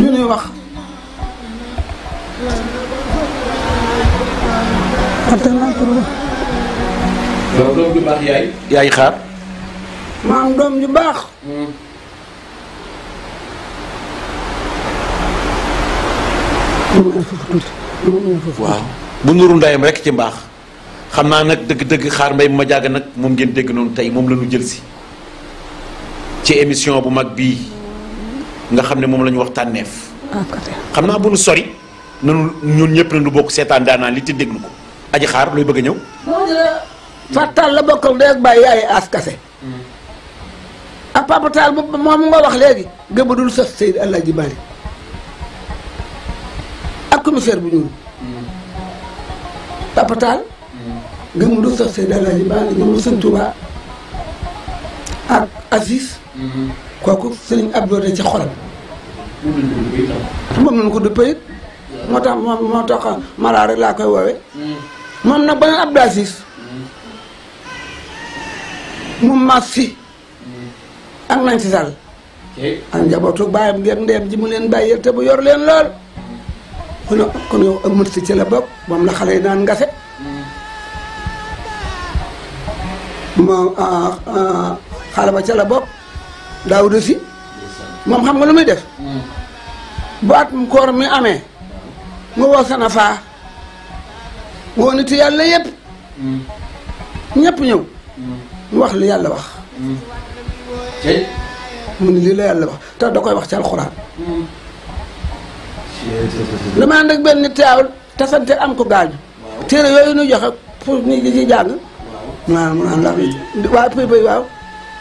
ñu nuy wax doom doom ju baax yaay yaay xaar maam doom ju baax hmm. waaw bu nuru ndayam rek ci mbaax xam naa nag dëgg-dëgg xaar mbay ma jàgg nag moom ngeen dégg noonu tey moom la ñu jël si ci émission bu mag bii nga xam ne moom la ñu wax tànneef. Ah, xam naa bu nu sori nanu ñun ñëpp nañu bokk seetaan daanaan li te déglu ko. aji xaar looy bëgg a ñëw. Fatal la bokkal ndey ak bàyyi yaay askase. Hmm. ak ah, Papa Tall moom nga wax léegi. gëmm dul sos Seydi El Hadji Malick ak commissaire bu ñuul. Hmm. Hmm. ak Aziz. kooku sëriñ Abdou de ci xolam. moom nañu ko duppee it moo tax moom moo tax Mara rek laa koy woowee. moom nag beneen Abdou Aziz mu mas ak nañ si sal ak njabootu bàyyam ngeeg ndeem ji mu leen bàyyi te bu yor leen lool kon kon yow si ci la moom la xale yi naan ngase moom ah, ah, xale ba ca la daawuda si moom xam nga lu muy def hmm. bu at mu koor mi amee nga woo sana faa woo nit yàlla yëpp hmm. ñëpp ñëw hmm. mu wax li yàlla wax mu ni la yàlla wax te da koy wax ci alxuraan dama ànd ak benn nit teewul tasante am ko gaañu téere yooyu nu joxe pour ñi di ci jàng mu naan la waaw pëy pëy waaw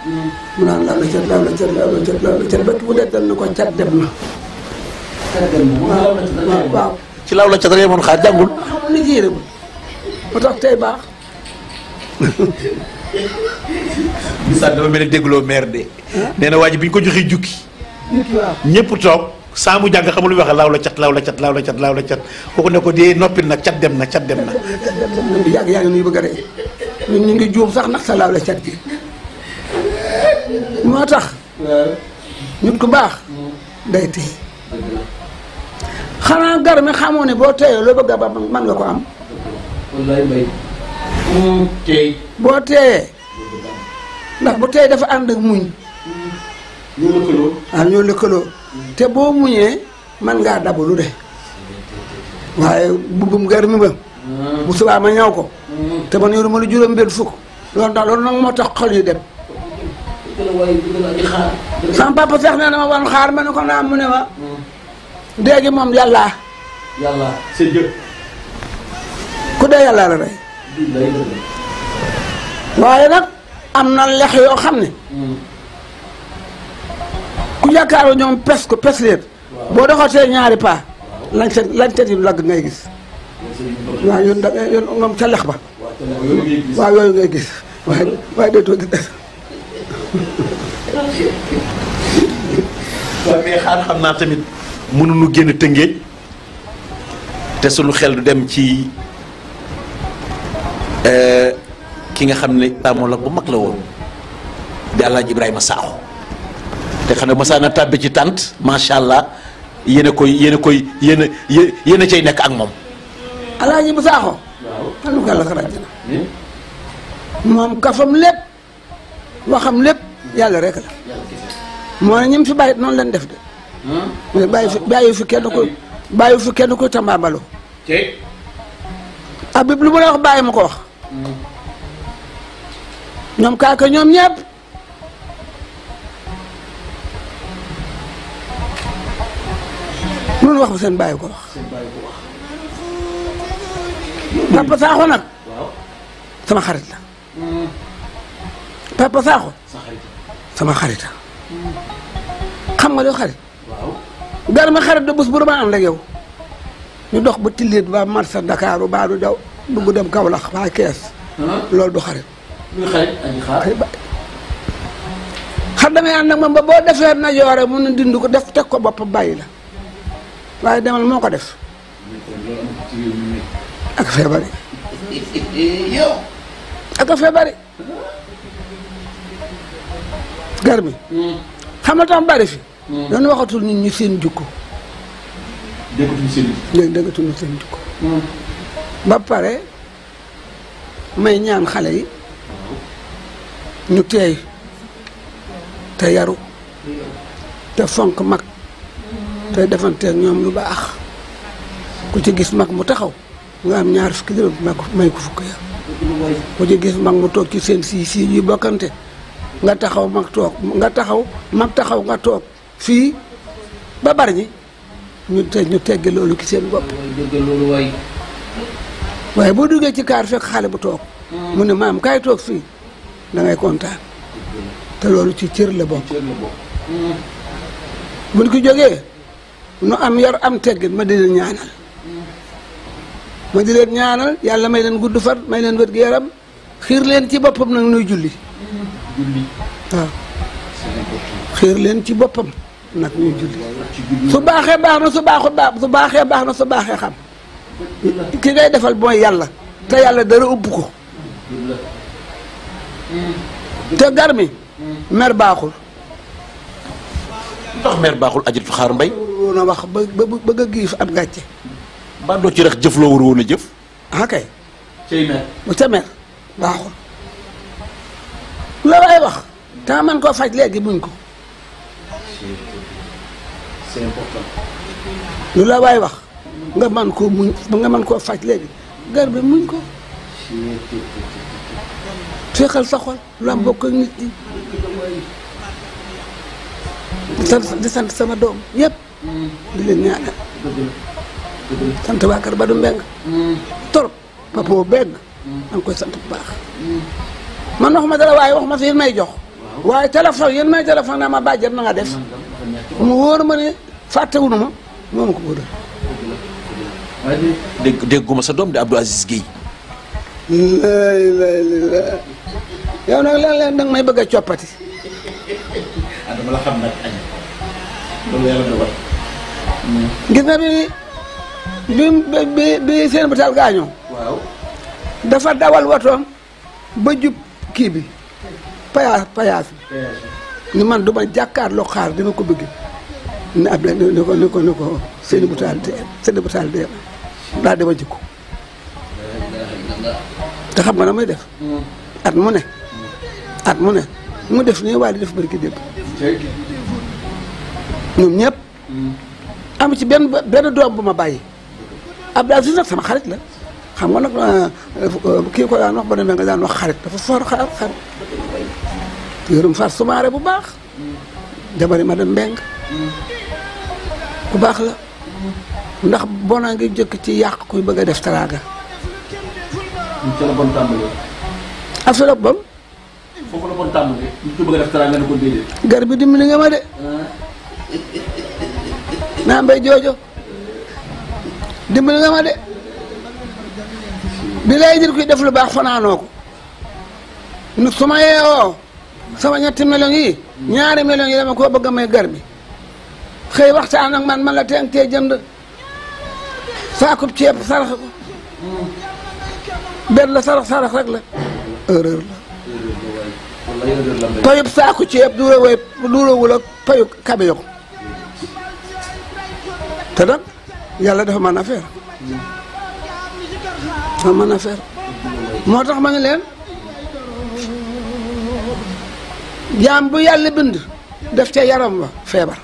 mu naan law la cat law la cat law la cat law la cat ba bu dee dal na ko cat dem na. ci law la cat rek moon xaar jàngul. mu tax tey baax. Moussa dafa mel ne dégloo maire de. nee na bi ñu ko joxee jukki. jukki waaw ñëpp toog saa mu jàng xamul lu wax la cat laaw la cat laaw la cat laaw la cat kooku ne ko dee noppi nag cat dem na cat dem na. cat dem na yàgg yàgg nañu bëgg a rey ñun ñu ngi juum sax ndax sa laaw la cat gi. moo tax nit ko baax day téye xanaa gar mi xamoo ne boo teeyee loo bëgg a ba mën nga ko am mm, boo teeyee ndax bu teey dafa ànd ak muñ ñoo lëkkaloo ñoo lëkkaloo te boo muñee man ngaa dabu lu de waaye bubbum gar mi ba mm. bu subaa ma ñaw ko mm. te man yoruma lu juróom benn fukk loolu daal loolu moo tax xol yi dem sama papa nee na ma wan xaar ma ne ko naa mu ne ma. dee gi moom yàlla. ku dee yàlla la rey. waaye nag am na lex yoo xam ne. Hmm. ku yaakaaru ñoom pes ko pes leen. boo doxatee ñaari paa. lañ seen lañ seen yu lagg ngay gis. waaw yoon da yoon moom ca lex ba. waaw yooyu ngay gis waaye waaye dootoo gis. waaye mais xaar xam naa tamit mënuñu génn tëngéej te suñu xel du dem ci euh, ki nga xam ne taamoon bu mag la woon di Alaaji Ibrahima Sakho te xam ne masaana ci tànt macha allah yéen a koy yéen a koy yéen a yéen nekk ak moom. Alaaji bu Sakho. moom kafam lépp. loo xam lépp yàlla rek la. moo ne ñim fi bàyyi noonu leen def de. Hmm? mais bàyyi fi bàyyi fi kenn ko bàyyi fi kenn ko tambaabalo. tey. lu mu la wax bàyyi ma ko wax. Hmm. ñoom kaaka ñoom ñëpp. lu wax seen bàyyi ko wax. seen bàyyi ko wax. Papa Sakho nag. sama xarit la. Hmm. Papa Sakho sama xarita xam nga loo xarit gar ma xarit da bu ma ànd ak yow ñu dox ba tilliit ba marsa Dakaaru baa du daw dugg dem Kaolack baa kees loolu du xarit xam damay ànd ak moom ba boo defee na yoore mun na dind ko def teg ko bopp bàyyi la waaye demal moo ko def ak feebari [laughs] ak feebari garmi hmm. xam tam bari fi. Hmm. dañu waxatul nit ñi seen jukko. déggatul seen jukko. seen jukko. Hmm. ba pare may ñaan xale yi ñu teey te yaru te fonk mag te defanteeg ñoom lu baax ku ci gis mag mu taxaw nga am ñaar fukki dërëm may ko fukk ya ku ci gis mag mu toog ci seen sii sii ñuy bokkante. nga taxaw mag toog nga taxaw mag taxaw nga toog fii ba bari ñi ñu te ñu tegge loolu ki seen bopp waaye boo duggee ci kaar fekk xale bu toog mu ne maam kaay toog fii da ngay kontaan te loolu ci cër la bokk hmm. buñ ko jógee nu am yar am teggin ma di leen ñaanal ma di leen ñaanal yàlla may leen gudd far may leen wér gu yaram xiir leen ci boppam nag nuy julli julli waaw xiir leen ci boppam nag ñu julli su baaxee baax na su baaxut baax baaxee baax na su baaxee xam ki ngay defal mooy yàlla te yàlla dara ëpp ko te gar mi baaxul ndax mer baaxul ajatu xaar mbay woon a wax ba bëgg a giif am gàcce mbaa ci rex jëf loo war woon jëf ah kay ca mer baaxul la waay wax te man koo faj léegi muñ ko lu la waay wax nga man koo muñ nga man koo faj léegi gar bi muñ ko féexal sa xol lu am bokk ak nit ñi di sant sama doom yëpp di leen ñaanal sant waa kër Badou Mbengue mm. torop Papa Mbengue mm. maa ngi koy sant bu baax mm. man waxuma dara waaye waxuma si yéen may jox waaye téléphone yéen may téléphone naa ma bàjjen na nga def mu wóor ma ne fàttewunu ma moo ma ko wóoral dégg dégguma sa doom di Abdou may bëgg a coppati ah, dama gis nga bi bi bi seen bu taal gaañoo dafa dawal watoom ba kii bi payaas payaas ni man du ma jàkkaarloo xaar dina ko bëgg ne Abdoulaye ne ko ne ko ne ko seen bu dee seen bu dee daal dama te xam nga na may def at mu at mu ne mu def ne waaye def barki dépp ñoom ñëpp am ci benn benn doom bu ma bàyyi Abdoulaye si nag sama xarit la xam nga nag euh, kii ko daan wax ba demee nga daan wax xarit dafa for xarit xarit yorum far sumaare bu baax jabari ma dem mbeng bu baax la ndax bona ngi jëkk ci yàq kuy bëgg a def taraaga ca la bon tàmbalee ah fi la a def taraaga na gar bi dimbali nga ma de ah. naa mbay joojo dimbali nga ma de bi lay dir def lu baax fanaanoo ko nu su ma yeewoo sama ñetti millions yi ñaari millions yi dama ko bëgg a may gar bi xëy waxtaan ak man man la teen tee jënd saakub ceeb sarax ko la sarax sarax rek la erreur la payub saaku ceeb duura way duurawul ak payub kabeyo ko te nag yàlla dafa mën dafa mën a moo tax ma ne leen jaam bu yàlla bind def ca yaram wa feebar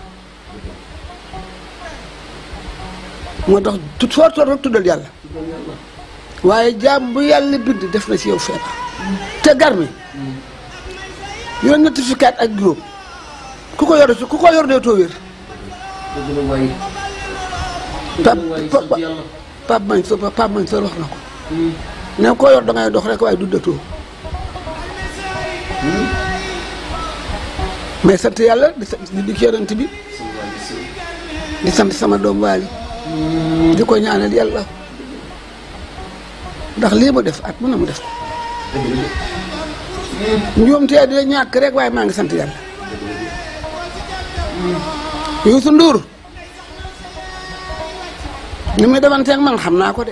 moo tax tut foo toog rek tuddal yàlla waaye jaam bu yàlla bind def na ci yow feebar te garmi yoon notificat ak juróom ku ko yor ku ko yor dee too wér pap pap mañ so pap mañ so wax na ko Hmm. ne ko yor da ngay dox rek waaye du dëtoo hmm. mais sant yàlla di di yonent bi di sant sama doom waali hmm. di ko ñaanal yàlla ndax lii mu def at mën na mu def njuum tee dina ñàkk rek waaye maa ngi sant yàlla Youssou Ndour ni muy demanteeg man xam naa ko de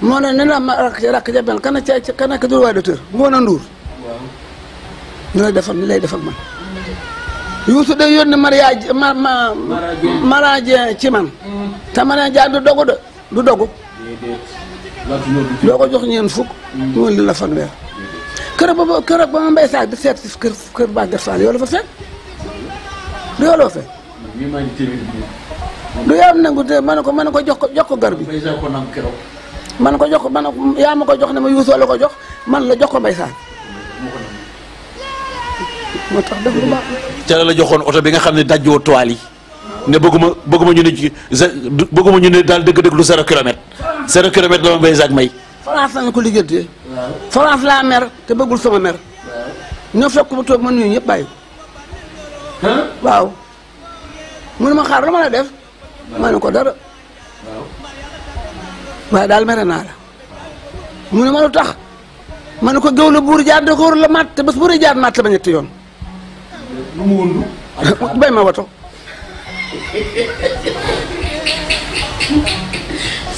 moo ne ne la ma rakk ci rakk ja benn kan ca kan ak dul waay docteur Ngoone Ndour. waaw. ñu lay defal ñu lay defal man. Youssou day yónni mariage ma ma. mariage ci man. te mariage du dogu de du dogu. doo ko jox ñeen fukk. ñu li la fanweer. kër ba ba kër ba ma mbay saak di seet si kër kër Bacar Fall yoo la fa fekk. yoo la fa fekk. du yow nangu te ma ne ko ma ne ko jox ko jox ko gar bi. man ko jox man yaa ma ko jox ne ma yuusoo la ko jox man la jox ko may saan moo tax def lu baax ca la joxoon oto bi nga xam ne dajjoo toile yi ne bëgguma bëgguma ñu ne ci bëgguma ñu ne daal dëgg-dëgg lu zéro kilomètre zéro kilomètre la ma mbay saak may France la nga ko liggéeyantee France laa mer te bëggul sama mer ñoo fekk mu toog ma nuyu ñëpp bàyyi waaw mënu ma xaar lu ma la def ma ko dara waaye daal mere naa la mu ne ma lu tax ma ne ko géw la buur jaar da ko war la ñetti yoon. lu [laughs] ma wato.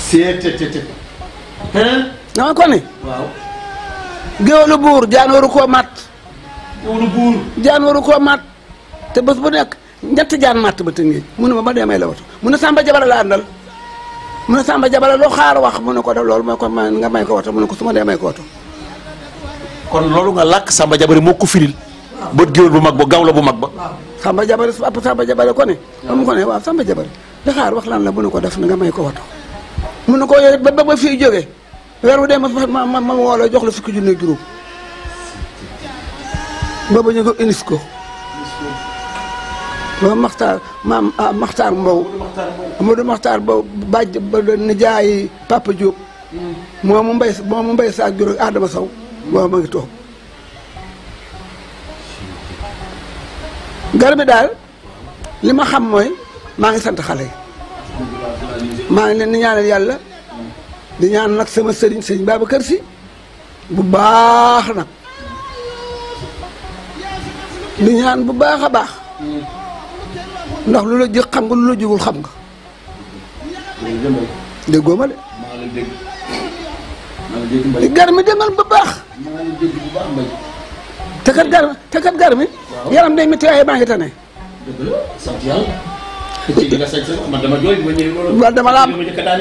seetetetet. ko ni. waaw. géw la buur jaan waru koo matt. géw jaan waru koo matt te bés bu nekk ñetti jaan matt ba tënkee mu ne ma ba dee may la wato mu ne Samba Jabara la àndal. mu ne Samba Jabala loo xaar wax mu ne ko def loolu mooy ko ma nga may ko oto mu ne ko su ma may ko oto kon loolu nga làkk Samba Jabari moo ko firil bët géwél bu mag ba gaw la bu mag ba Samba Jabari su app Samba Jabari ko ne mu ko ne waaw Samba Jabari da xaar wax lan la mu ne ko def na nga may ko oto mun ne ko yow ba ba fii jógee weer wu dee ma ma ma la jox la fukki junni juróom ba ba ñu ko unis ko ma maxtaar maam ah maxtaar Mbow. Amadou Maxtaar Mbow bàjj ba nijaay Papa Diop. moo mu mbay moo mu mbay saa juróom Adama Sow boo ma ngi toog. garab yi daal li ma xam mooy maa ngi sant xale yi. maa ngi leen di ñaanal yàlla. di ñaan nag sama sëriñ sëriñ kër Si bu baax nag. di ñaan bu baax a baax. ndax lu la jëg xam nga lu la xam nga. ma de. gar mi demal ba baax. te kat gar te gar mi. yaram de métti waaye maa ngi tane. dëgg la sant yàlla. dama laa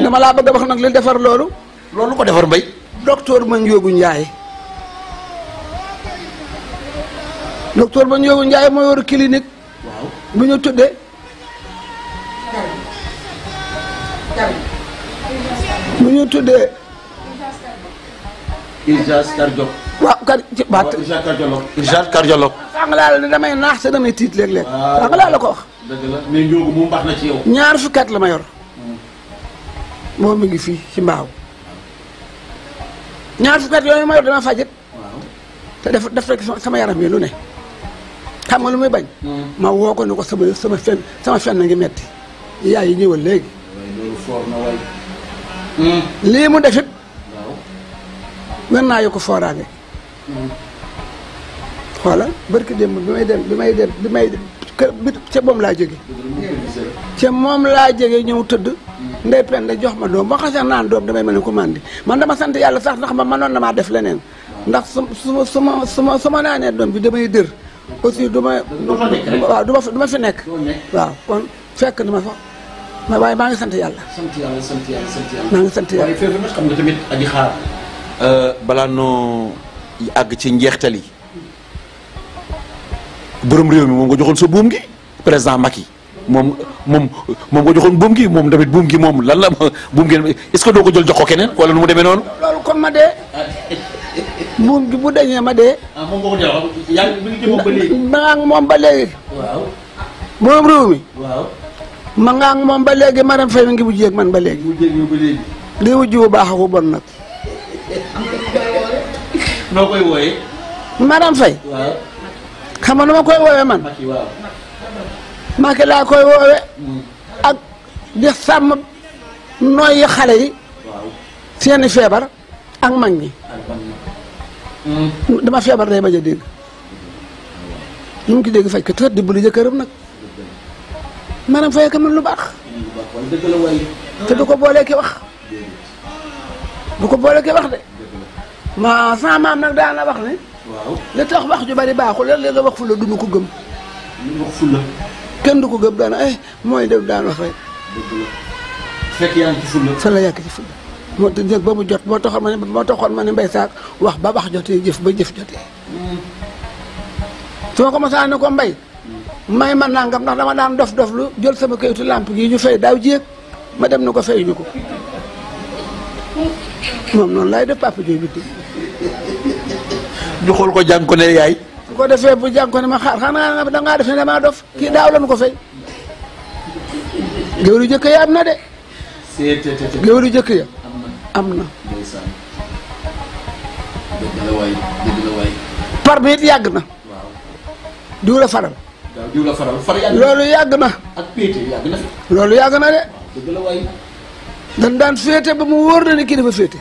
dama laa bëgg a nag li defar loolu. loolu ko defar mbay. docteur ma Ndiogou Ndiaye. docteur ma Ndiogou Ndiaye moo yor clinique. waaw ñu tuddee. bu ñu tuddee. urgence cardiologue. waaw car ci baat. urgence cardiologue. urgence cardiologue. sànq damay naax te damay tiit léeg-léeg. waaw ah, sànq ko na ci yow. ñaar fukki at la ma yor. moom mi ngi fii ci mbaaw. ñaar fukki at ma yor dama faj it. te def def rek sama yaram yi lu ne. xam nga lu muy bañ. Hmm. ma woo ko ne ko sama sama fenn sama ngi metti yaay yi ñëwal léegi. loolu foor lii mu defit wen naa yu ko fooraange xoola barki démb bi may dem bi may dem bi may ca moom laa jóge ca moom laa jóge ñëw tëdd ndey pen jox ma doom ba xasee naan doom damay mel ne ko mandi man dama sant yàlla sax ndax man mënoon na maa def leneen ndax su su suma suma su ma naanee doom bi damay dër aussi du ma waaw du ma fi nekk waaw kon fekk na ma fa waaye maa ngi sant yàlla. sant yàlla sant yàlla sant yàlla. maa ngi sant yàlla euh, balaa noo àgg ci njeextal yi borom réew mi moom nga joxoon sa buum gi président Macky moom moom moom nga joxoon buum gi moom tamit buum gi moom lan la buum gi est-ce que doo ko jël jox ko keneen wala nu mu demee noonu. loolu kom ma dee. buum gi bu dañee ma dee. ah nga moom ba léegi. maa réew mi. man ngaa ak moom ba léegi Marème Faye mi ngi wujjeeg man ba léegi. lii wujj bu baax ak bon nag. noo koy wooyee. xam nga nu ma koy woowee man. Macky laa koy woowee. Hmm. ak di sàmm nooy xale yi. seeni feebar ak mag ñi. Hmm. dama feebar day bañ a dégg. Hmm. ñu ngi ko dégg faj ko tëdd di buli jëkkëram nag. maanaam fay ka mën lu baax. te du ko boolee ki wax. du ko boolee ki wax de. ma sama maam nag daana wax ne. waaw li tax wax ju bari baaxul la léeg nga wax fu la dunu ko gëm. kenn du ko gëm daana ay eh, mooy def daan wax rek. fekk yaa la yàgg ci fulla moo tax nag ba mu jot moo taxoon ma ne moo taxoon ma ne mbay saak wax ba wax jotee jëf ba jëf jotee. Mm. soo ko mosaan ne ko mbay. may ma nangam ndax dama daan dof dof lu jël sama kayitu làmp gi ñu fay daaw jéeg ma dem na ko fay ñu ko moom noonu laay def papa jooy bitti ñu xool ko jàng ko ne yaay bu ko defee bu jàng ko ne ma xaar xanaa da ngaa def ne damaa dof kii daaw lan ko fay géwélu jëkk ya am na de géwélu jëkk ya am na par bi yàgg na diw la faral diw la faral far loolu yàgg na. ak péete yàgg loolu yàgg na de. dëgg daan féete ba mu wóor na ne kii dafa féete.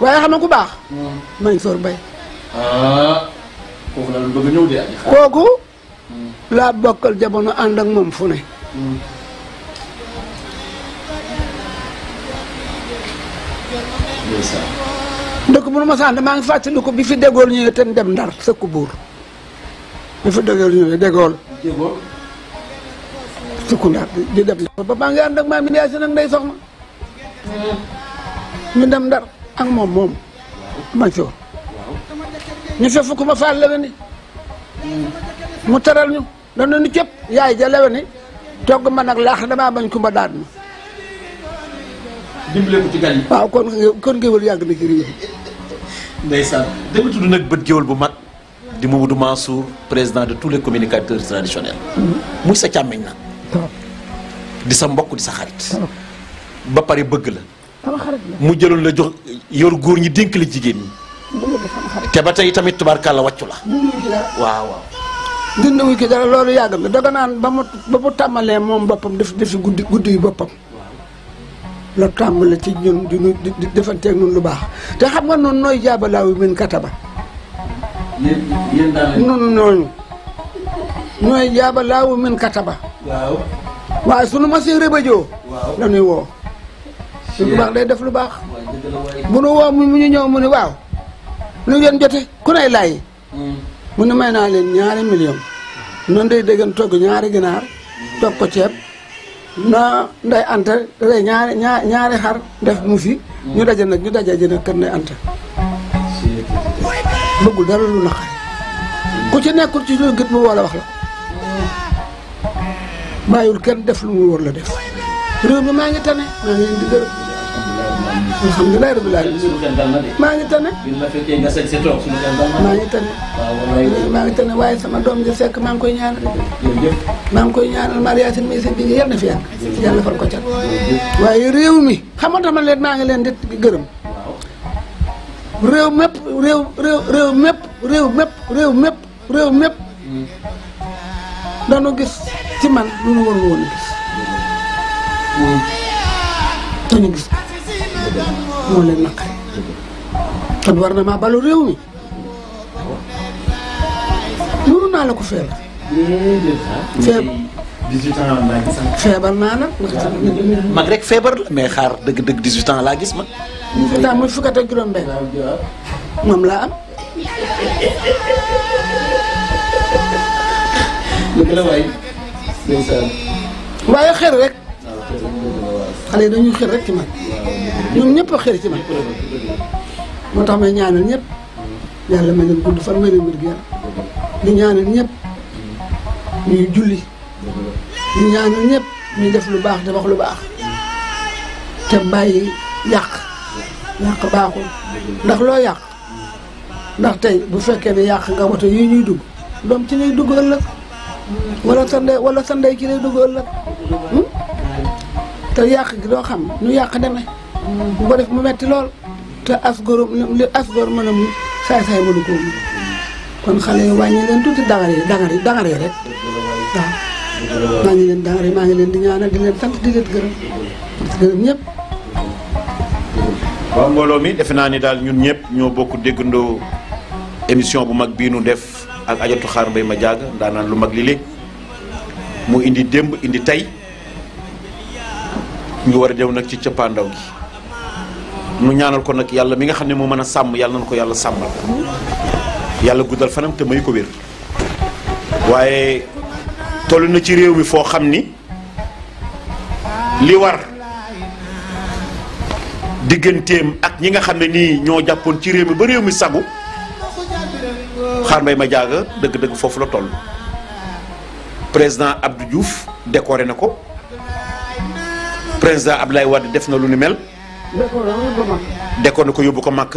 waaye xam nga ku baax. Hmm. Mansour Mbaye. ah kooku la hmm. laa bokkal jamono àndak moom fu ne. Hmm. ndëkk bu nu ma sant maa ngi fàttali ko bi fi déggool ñëwee te dem ndar sëkku buur. dafa dëgër ñëwee dégool sukkundaat di dem ba baa ngi ànd ak maam yaay si nag ndey soxna ñu dem ndar ak moom moom mansoor ñu fekk ko ma faal leweni mu teral ñu dana nu cëpp yaay ja leweni togg ma nag laax damaa bañ kumba daan ma dimbale ko ci gan yi waaw kon kon yàgg na ci réew ndeysaan dama tudd nag bët géwél bu mag di Mamadou Mansour président de tous les communicateurs traditionnels mhm. muy sa càmmiñ nag di sa mbokk di sa xarit ba pare bëgg la mu jëloon la jox yor góor ñi dénk la jigéen ñi te ba tey tamit tubaarkàlla wàccu la waaw waaw dundawuñ ko dara loolu yàgg na daga naan ba mu ba mu tàmbalee moom boppam def defi guddi guddi yu boppam la tàmbale ci ñun di defanteeg ñun lu baax te xam nga noonu nooy jaabalaaw yu mel ba yéen yéen daal nunu nooñu ñooy jaaba laawu min kataba waaye sunu machine rébajoo waaw la ñuy woo lu baax day def lu baax bu nu woo mu ñu ñëw mu ne waaw lu ngeen jote ku nay laay hmm. mu ne may naa leen ñaari million noonu day déggan togg ñaari ginaar togg ko ceeb na nday anta rey ñaari ñaar ñaari xar def mu fi hmm. ñu daje nag ñu daja jëna kër nday anta bëggul dara lu naqari ku ci nekkul ci loolu gët mu war a wax la bàyyiwul kenn def lu mu war la def réew mi maa ngi tane maa ngi leen di gërëm alhamdulilah maa ngi tane maa ngi tane maa ngi tane waaye sama doom ja sekk maa ngi koy ñaanal maa ngi koy ñaanal mariage mi seen bi yal na fi yàgg yàlla far ko cat waaye réew mi xam xamante ma leen maa ngi leen di gërëm réew mépp réew réew réew mépp réew mépp réew mépp réew gis ci man lu ñu war woon gis te gis moo leen naqari kon war na maa balu réew mi mënu naa la ko feebar feebar naa la mag rek feebar la mais xaar dëgg-dëgg dix-huit ans laa gis ma pourtant muy fukkat ak juróom benn moom laa am waaye xër rek xale yi dañuy xër rek ci man ñoom ñëpp a xër ci man moo tax may ñaanal ñëpp yàlla may leen gudd fan may leen wér gu yaram di ñaanal ñëpp ñuy julli di ñaanal ñëpp ñuy def lu baax di lu baax te bàyyi yàq yàq baaxul ndax loo yàq ndax tey bu fekkee ne yàq nga woto yi ñuy dugg doom ci lay dugg ëllëg wala sa ndey wala sa ndey ci lay dugg ëllëg hmm? te yàq gi doo xam nu yàq demee bu ko mu metti lool te asgóor li asgóor mënam saay saay mënu mu kon xale yi wàññi leen tuuti dangar yi dangar yi dangar yi rek maa ngi leen dangar maa ngi leen di ñaanal di leen sant di leen gërëm gërëm ñëpp waaw mbooloo mi defe naa ni daal ñun ñëpp ñoo bokk déggandoo émission bu mag bii nu def ak ajatu xaar mbay ma jaaga ndaanaan lu mag li lé mu indi démb indi tey ñu war a dem nag ci cëppaandaw gi nu ñaanal ko nag yàlla mi nga xam ne moo mën a sàmm yàlla nañ ko yàlla sàmmal yàlla guddal fanam te may ko wér waaye toll na ci réew mi foo xam ni li war digganteem ak ñi nga xam ne nii ñoo jàppoon ci réew mi ba réew mi sagu xaar ma jaaga dëgg-dëgg foofu la toll président Abdou Diouf décoré na ko président ab lay Wade def na lu ni mel décoré na ko yóbbu ko màkk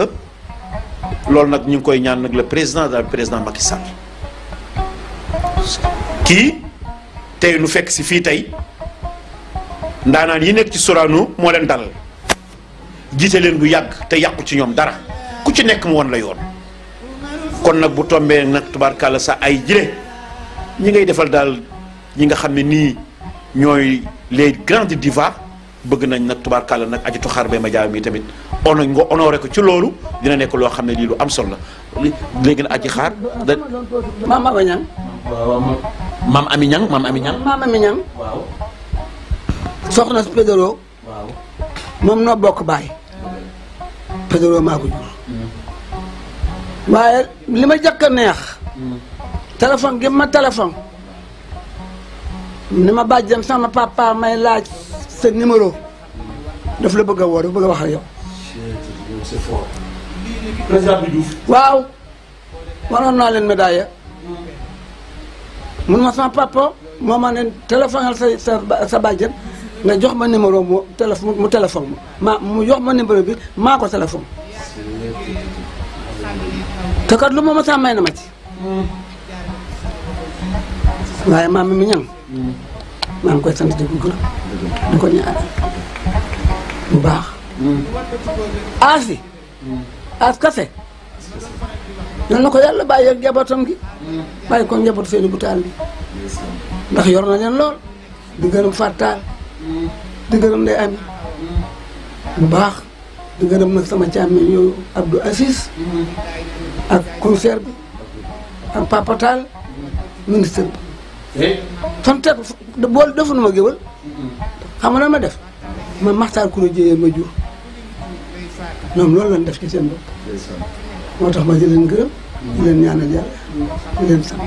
loolu nag ñu ngi koy ñaan nag la président daal président Macky Sall kii tey nu fekk si fii tey ndaanaan yi nekk ci solaanu moo leen dalal jiite leen bu yàgg te yàqu ci ñoom dara ku ci nekk mu woon la yoon kon nag bu tombee nag tubaarkàlla sax ay jile ñi ngay defal daal ñi nga xam ne nii ñooy les grandes divas bëgg nañ nag tubaarkàlla nag aji tuxaar bay ma jaay mi tamit ono nga honoré ko ci loolu dina nekk loo xam ne lii lu am solo la léegi na aji xaar. da maam Awa Ñang. waaw maam Ami Ñang maam Ami Ñang. maam soxna Pédéro. waaw moom noo bokk baay. Pedro maa ko waaye li ma jëkk a neex téléphone gi ma téléphone ni ma bàjjam sama papa may laaj sa numéro daf la bëgg a woo dafa bëgg a wax ak yow c'est fort président bi Diouf waaw leen mun ma sama papa moo ma ne téléphonal sa sa sa nga jox ma numéro mu téléphone mu téléphone ma mu jox ma numéro bi maa ko téléphone. te kat lu ma mos may na ma ci. waaye maam mi ñan maa ngi koy sant di ko di ko ñaan bu baax. aasi. aas kase. nan na ko yàlla bàyyi ak njabootam gi. bàyyi ko bu taal bi. ndax yor na leen lool di gërëm fàttaal. di gërëm ndey ami bu baax di gërëm nag sama càmmiñ yooyu Abdou Assis ak concert bi ak Papa Tall ministre bi eh? fan teg bool ma géwal xam nga lan ma def ma maxtaar ku la jëyee ma jur ñoom loolu lañ def ci seen bopp moo tax ma di leen gërëm di leen ñaanal yàlla sant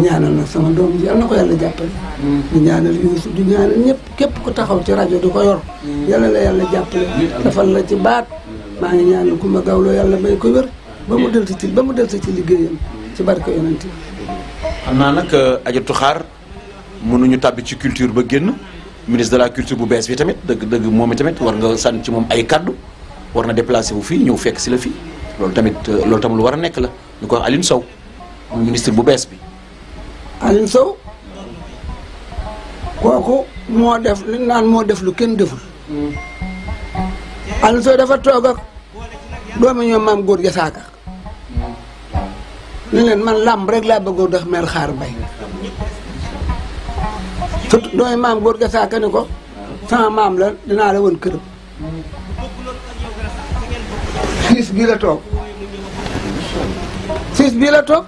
ñaanal nag sama doom ji am na ko yàlla jàppale. Mm-hmm. di ñaanal Youssou di ñaanal ñëpp képp ku taxaw ci rajo di ko yor. Mm-hmm. yàlla la yàlla jàppale. defal la ci baat. Mm-hmm. maa ngi ñaanal ku ma gawloo yàlla may ko wér. ba mu dellu ci ba mu dellu ci liggéeyam. ci barke yonent xam naa nag euh, ajatu xaar mënuñu tàbbi ci culture ba génn ministre de la culture bu bees bi tamit dëgg dëgg moom tamit war nga sànni ci moom ay kaddu war na déplacé wu fii ñëw fekk si la fii loolu tamit euh, loolu tamit lu war a nekk la ñu ko wax Aline Sow ministre bu bees bi. Alioune Sow kooku moo def li naan moo def lu kenn deful Alioune Sow dafa toog ak doomi ñoom maam góor jasaaka ne leen man làmb rek laa bëggoon def mel xaar bay surtout doomi maam góor jasaaka ni ko sama maam la dinaa la woon këram siis bii la toog siis bii la toog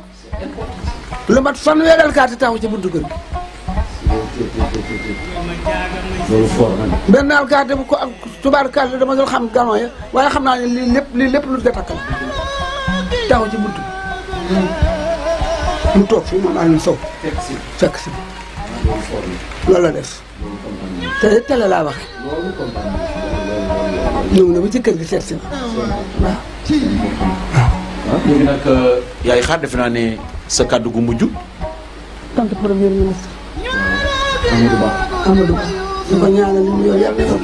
lu mat fanweeri alkaati taxaw ci buntu kër gi. benn alkaati bu ko ak tubaab kàddu dama doon xam galon waaye xam naa ne lii lépp lépp lu gàtt ak la taxaw ci buntu bi. mu toog fii moom Alioune Sow. fekk si fekk loolu la def. te tele laa wax. ñëw na ba ci kër seet si na waaw. sa kàddu gu mujj. tant premier ministre. Amadou ñu ko ñaanal li yàlla defal.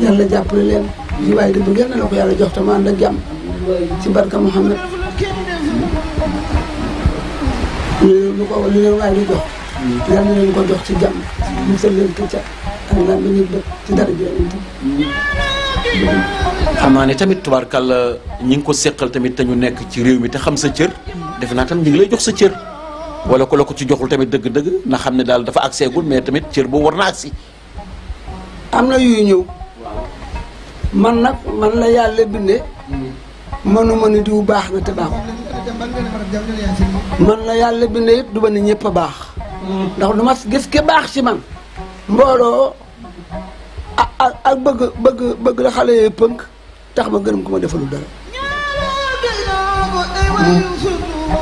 yàlla leen. li waaye dëgg yàlla na ko yàlla ci barka Mouhamed. lu lu ko waay di jox. yàlla na leen ko jox ci jàmm. mu sën leen ci dara bi xam ne tamit tubaarkàlla ñi ngi ko seqal tamit te nekk ci réew mi te xam sa cër. defe naa tam ñu lay jox sa cër wala ko la ko ci joxul tamit dëgg-dëgg na xam ne daal dafa agsi gul mais tamit cër boo war na agsi am na yuy ñëw man nag man la yàlla binde manuma ni diw baax na te baaxul man la yàlla binde it du ma ne ñëpp a baax ndax du ma gis ki baax si man mbooloo ak ak bëgg bëgg la xale yee pënk tax ma gërëm ku ma defalu dara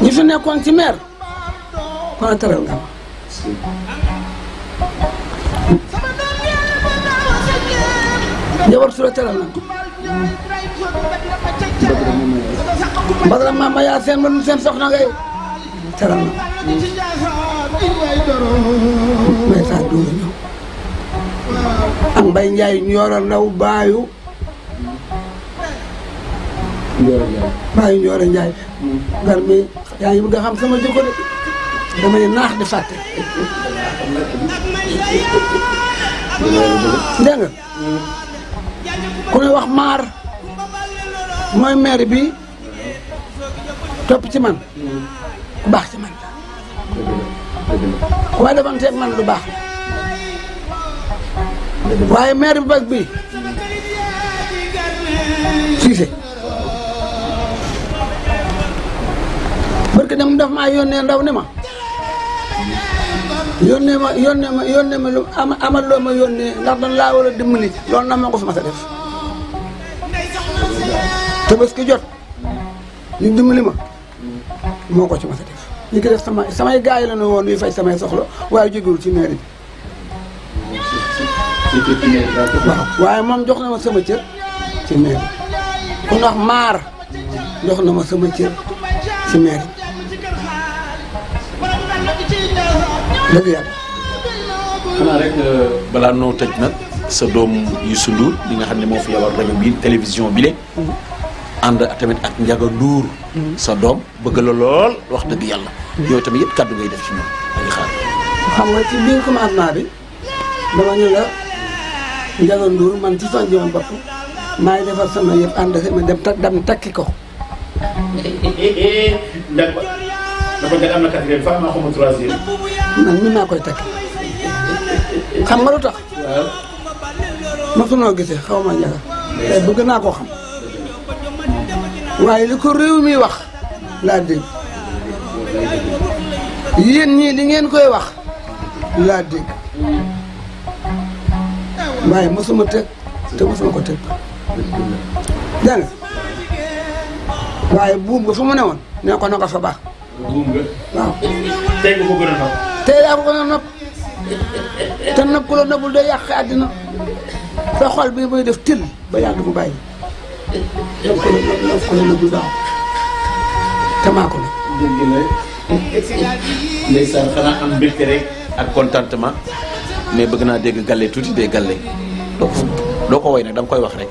ñi fi nekkoon ci maire waa tëral nga njaboot su la tëral nag Badara Mama yaa seen man seen soxna ngay tëral na may saa duuru ñëw ak Njaay ñu yoral ndaw baayu baayu Njooro Njaay gar yaa ngi bëgg a xam sama jikko de damay naax di fàtte. dégg nga ku wax maar mooy maire bi topp ci man ku baax ci man la waaye defanteeg man lu baax la waaye maire bi bag bi Cissé barke dem ma maa yónnee ndaw ne ma yónnee ma yónnee ma yónnee ma lu amal loo ma yónnee ndax dañ laa war a dimbali loolu na ma ko fi sa def te ki jot ñu dimbali ma moo ko ci ma sa def ñu ko def sama samay gars yi la ne woon ñuy faj samay soxla waaye jógewul ci mairie waaye moom jox na ma sama cër ci mairie ku ndax maar jox na ma sama cër ci mairie dëgg euh, balaa noo tëj nag sa doom su Ndour li nga xam ne moo fi yabal rajo bi télévision bi le ànd tamit ak Ndiaga Ndour sa doom bëgg la lool wax dëgg yàlla. yow tamit yëpp kàddu ngay def ci ñoom ak xaar. xam nga ci biir commandement bi dama ñu la Ndiaga Ndour man ci son jëm bopp maa ngi defar sama yëpp ànd ak eh, eh, eh, am na man mii maa koy teg xam nga lu tax. waaw. mosunoo gisee xaw ma njaga. tey eh, naa koo xam. waaye li ko réew mi wax laa dégg yéen ñii li ngeen koy wax laa dégg waaye mosuma teg te mosuma ko teg dégg waaye buum nga fu mu ne woon ne ko na fa baax. waaw. te yaa ko gën a nopp te nag ku la nëbbul day yàq àddina sa xol bi muy def til ba yàgg mu bàyyi yow la yow ku la nëbbul baax te maa ko mais bëgg naa dégg galle tuuti dee galle doo ko woy nag danga koy wax rek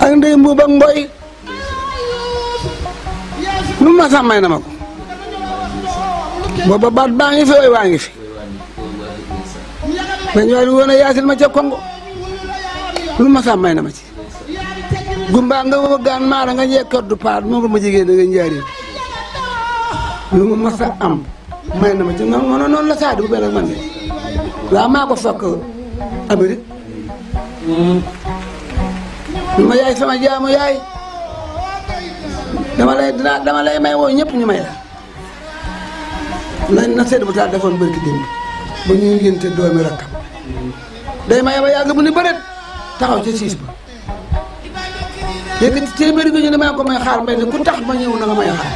ak ndey mbuub ak mboy lu ma sax may na ma ko booba baat baa ngi fi way waa ngi fi dañ waay woon a Kongo lu ma sax may na ma ci gumbaa nga wëggaan maara nga njekkat du paat ma jigéen da am may na ma ci nga mono noonu la saadi bu benn man ma yaay sama jaamu yaay dama lay dinaa dama lay may woo ñëpp ñu may la na na seet bu taal defoon bërki démb ba ñuy ngénte doomi rakkam day maye ba yàgg bu ni bëreet taxaw ci siis ba yëkkati téeméeri gi ñu ne maa ko may xaar mbay ku tax ma ñëw na may xaar.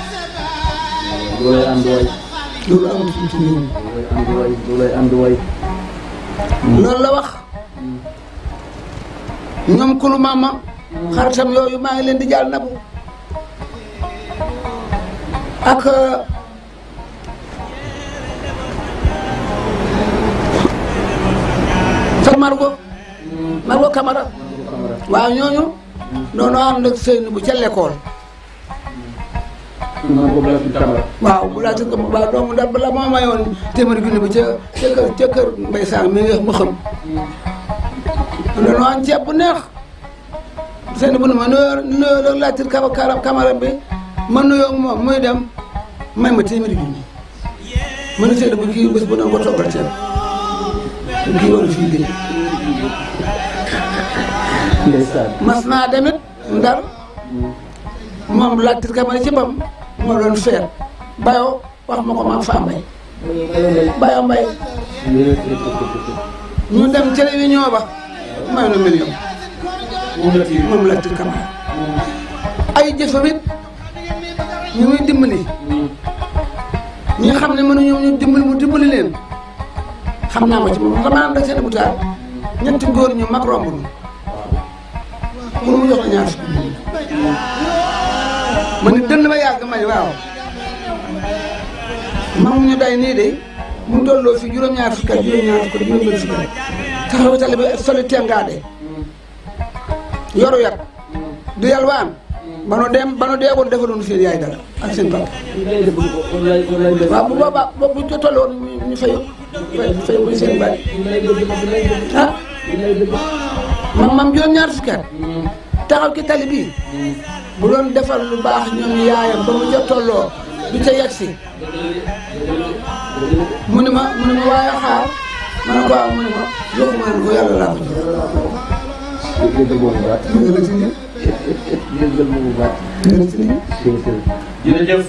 loolu la wax. ñoom kulu maama. xaritam yooyu maa ngi leen di jaal nabu ak sa euh, Margo Margo Camara waaw ñooñu noonu am nag sëñ bu ca lekkool Margo Bala Camara waaw Bala Camara waaw doomu daal bala moo mayoon téeméer junni ba ca kër ca kër Mbaye mu xam noonu am ceeb bu neex Ousseynou bu ne ma nuyoo nuyoo la laajte kaba kamara bi ma nuyoo moom muy dem may ma téeméeri junni ma ne bu kii bés bu doon ko toggal ceeb dañ koy war a fii gën. ndeysaan mas naa demit ndar moom laajte kamara ci bam moo doon feer bayoo wax ma ko maam faa mbay mbay ñu dem ci réunion ba may na moom la tëkk ma ay jëfam it ñu muy dimbali ñi xam ne mënuñoo ñu dimbali mu dimbali leen xam naa ko ci moom xam naa am da seen bu taal ñetti góor ñu mag romb ñu mu jox la ñaar fukki ma ni dënn ba yàgg ma ni waaw mag ñu day nii de mu tolloo fi juróom-ñaar fukki juróom-ñaar fukki ak juróom-ñaar fukki taxaw yoru yàpp du yalwaan ba nu dem ba nu deewoon defaloon seen yaay dara ak seen papa. waaw bu boobaa bu ñu tolloon ñu fay fay seen baay ah man mam juróom-ñaar fukki at taxaw ci tali bii bu doon defal lu baax ñoom yaayam ba mu ca tolloo ca yegg si mu ne ma mu ne ma waaye xaar ma ko waaw mu ne ma jox ma ko yàlla laa ko jéggal ma bu baax. jéggal ma bu baax. jërëjëf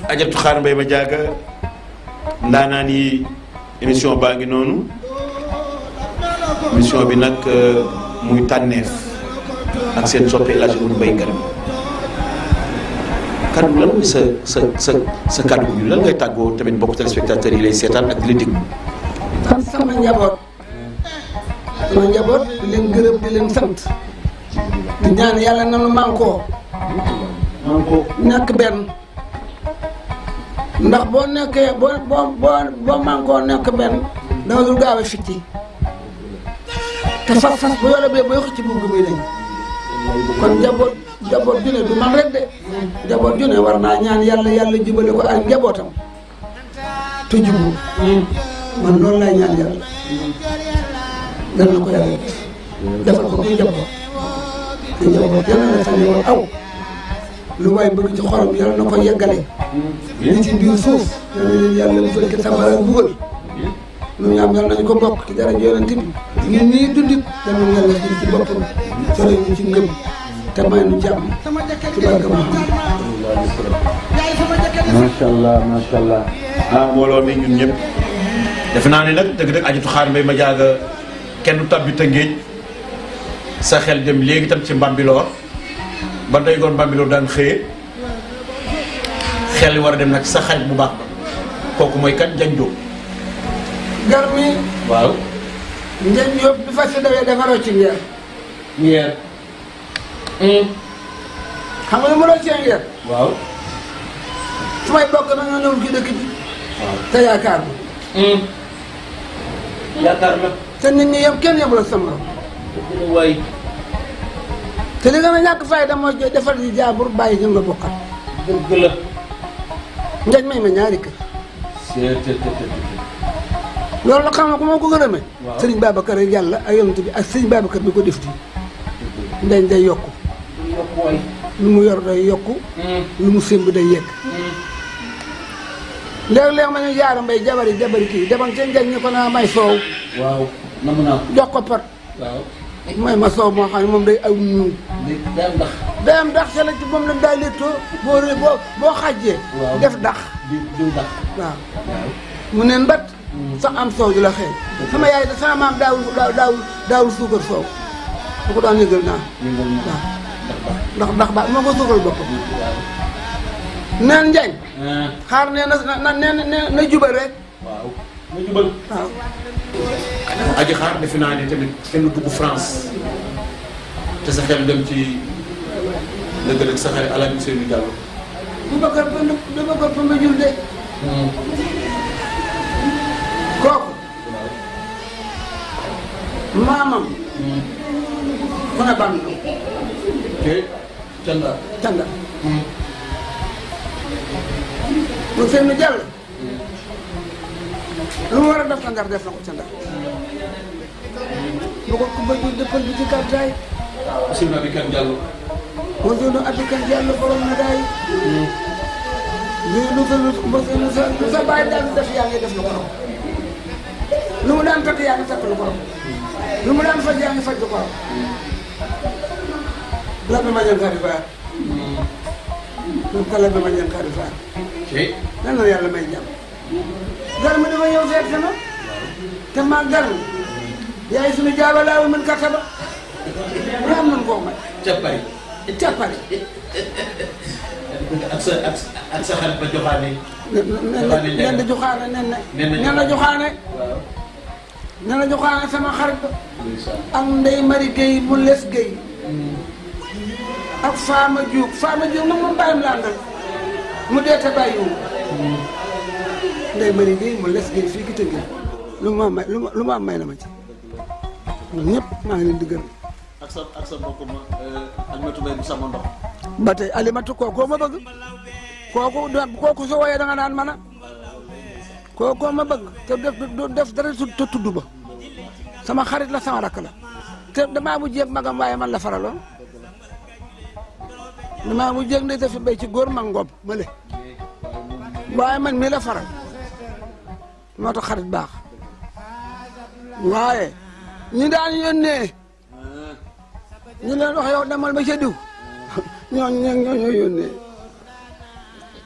xaar mbay ma jaaga ndaanaan yi émission baa ngi noonu émission bi nag euh, muy tànneef ak seen soppe El Hadj Oumou Mbaye Karim kaddu lan mooy sa sa sa kaddu gu ñu lan ngay tàggoo tamit mbokk téléspectateurs yi lay seetaan ak di sama njaboot leen gërëm di leen sant. ñaan yàlla nanu mànkoo mànkoo nekk benn ndax boo nekkee boo boo boo boo mànkoo nekk benn danga dul gaaw a fitti te fas fas bu yore bee booy xëcc bugg muy dañ kon njaboot njaboot du man rek de njaboot ju war naa ñaan yàlla yàlla jubale ko ak njabootam te jubbu man loolu lay ñaan yàlla gën ko yàlla defal ko kuy njaboot te na sa njaboot aw lu waay bëgg ci xorom yàlla na ko yeggale li ci biir suuf yàlla na musal ci safara mbugal ñun ñaam yàlla nañu ko bokk ci dara yonent bi ñun ñii dundit dañu yàlla ci ci boppam solo ñu te may nu jàmm ci barke Muhammad macha allah macha allah ah mbooloo mi ñun ñëpp defe naa ne nag dëgg dëgg ajatu xaar mbay ma jaaga kenn du tabbi te ngéej sa xel jëm léegi tam ci mbambiloor ba day goon mbambiloor daan xëye xel war a dem nag sa xarit bu baax kooku mooy kat janjoo gar mi waaw janjoo bi fas yi dawee dafa rocci ngeer ngeer hmm. xam nga lu ma roccee ngeer waaw su may bokk na nga newul ci dëkk bi te yaakaar ma hmm. yaakaar ma te nit ñi yem kenn yemul ak sa waay. te li nga ma ñàkk fayda mooy defar di jaabur bàyyi ñu nga bokkat. dëgg may ma ñaari kër. loolu la xam nga ku ma ko gërëmee. waaw sëriñ Babacar yàlla ak yonent bi ak sëriñ Babacar bi ko def fii. ndañ day yokku. lu mu yor day yokku. Hmm. lu mu sémb day yegg. Hmm. léeg-léeg ma ñu yaaru mbay jabari jabari kii demoon seen njañ ñu ko naa may soow. jox ko may ma soow moo xam ne moom day aw ñuul. day am dax. day am la ci moom lañ daay léttoo boo ré boo boo def dax. waaw mu neen mbat. Mm. sax am soow ju la xëy. sama yaay da daaw maam daawul daawul daawul suukar soow. da ko daan yëngal naa. yëngal ndax ndax ba moo ko suukal boppam. Mm, neen njañ. Ah. xaar nee na na na na jubal rek. waaw. mu jubal. xaar defe naa ne tamit kenn dugg France te sa xel dem ci dëgg rek sa xel Alaaji Ousseynou Diallo. bu Bakar ba bu Bakar ba ma hmm. kooku. maamam. mën hmm. a bànn. te canga canga. bu fenn jàll. lu mu war a def Ndar def na ko ca Ndar. lu ko ku bëgg dëppal bi ci gàddaay. waaw Sëñ Abi Kan Jàllo. moom Sëñ Abi Kan Jàllo borom na daay. lu sa lu sa lu sa bàyyi daan def yaa ngi def lu ko raw. lu mu daan takk yaa ngi takk lu ko raw. lu mu daan faj yaa ngi faj lu ko raw. la bi ma jëm xarit Ba. moom ko la bi ma jëm xarit Ba. lan la yàlla may jàmm. garmi dafa ñëw seet si na te maa garmi yaay suñu jaabalaawu mën kàtta ba ñu am nañ koo may. ak sa ak sa xarit ba joxaane. joxaane nen na joxaane nen na. sama xarit ba. ak ndey mu les Guèye. Mm. dee te bàyyiwul. Mm. nday mari gi mu les gi fii ki tëgg lu ma may lu ma may na ma ci ñun ñëpp maa ngi leen di gërëm. ak sa ak sa mbokk ma euh, Alimatu Mbay koo sama ma bëgg kooku da kooku soo woyee da nga naan mana kooku ma bëgg te def def dara te tudd ba sama xarit la sama rakk la te damaa bu jéeg magam waaye man la faraloon damaa mu jéeg ne dafa béy ci góor ma ngob ma le waaye man mii la faral. moo tax xarit baax waaye ñu daan yónnee ñu leen wax yow demal ba ca diw ñooñu ñoo ñoo ñoo yónnee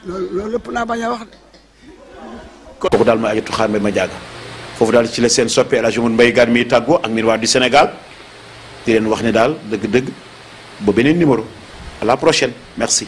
loolu loolu lépp naa bañ a wax de. kooku daal ma ajatu ma jàgg foofu daal ci la seen soppee El Hadj Oumar Mbaye Gane mi tàggoo ak miroir du Sénégal di leen wax ne daal dëgg-dëgg ba beneen numéro à la prochaine merci.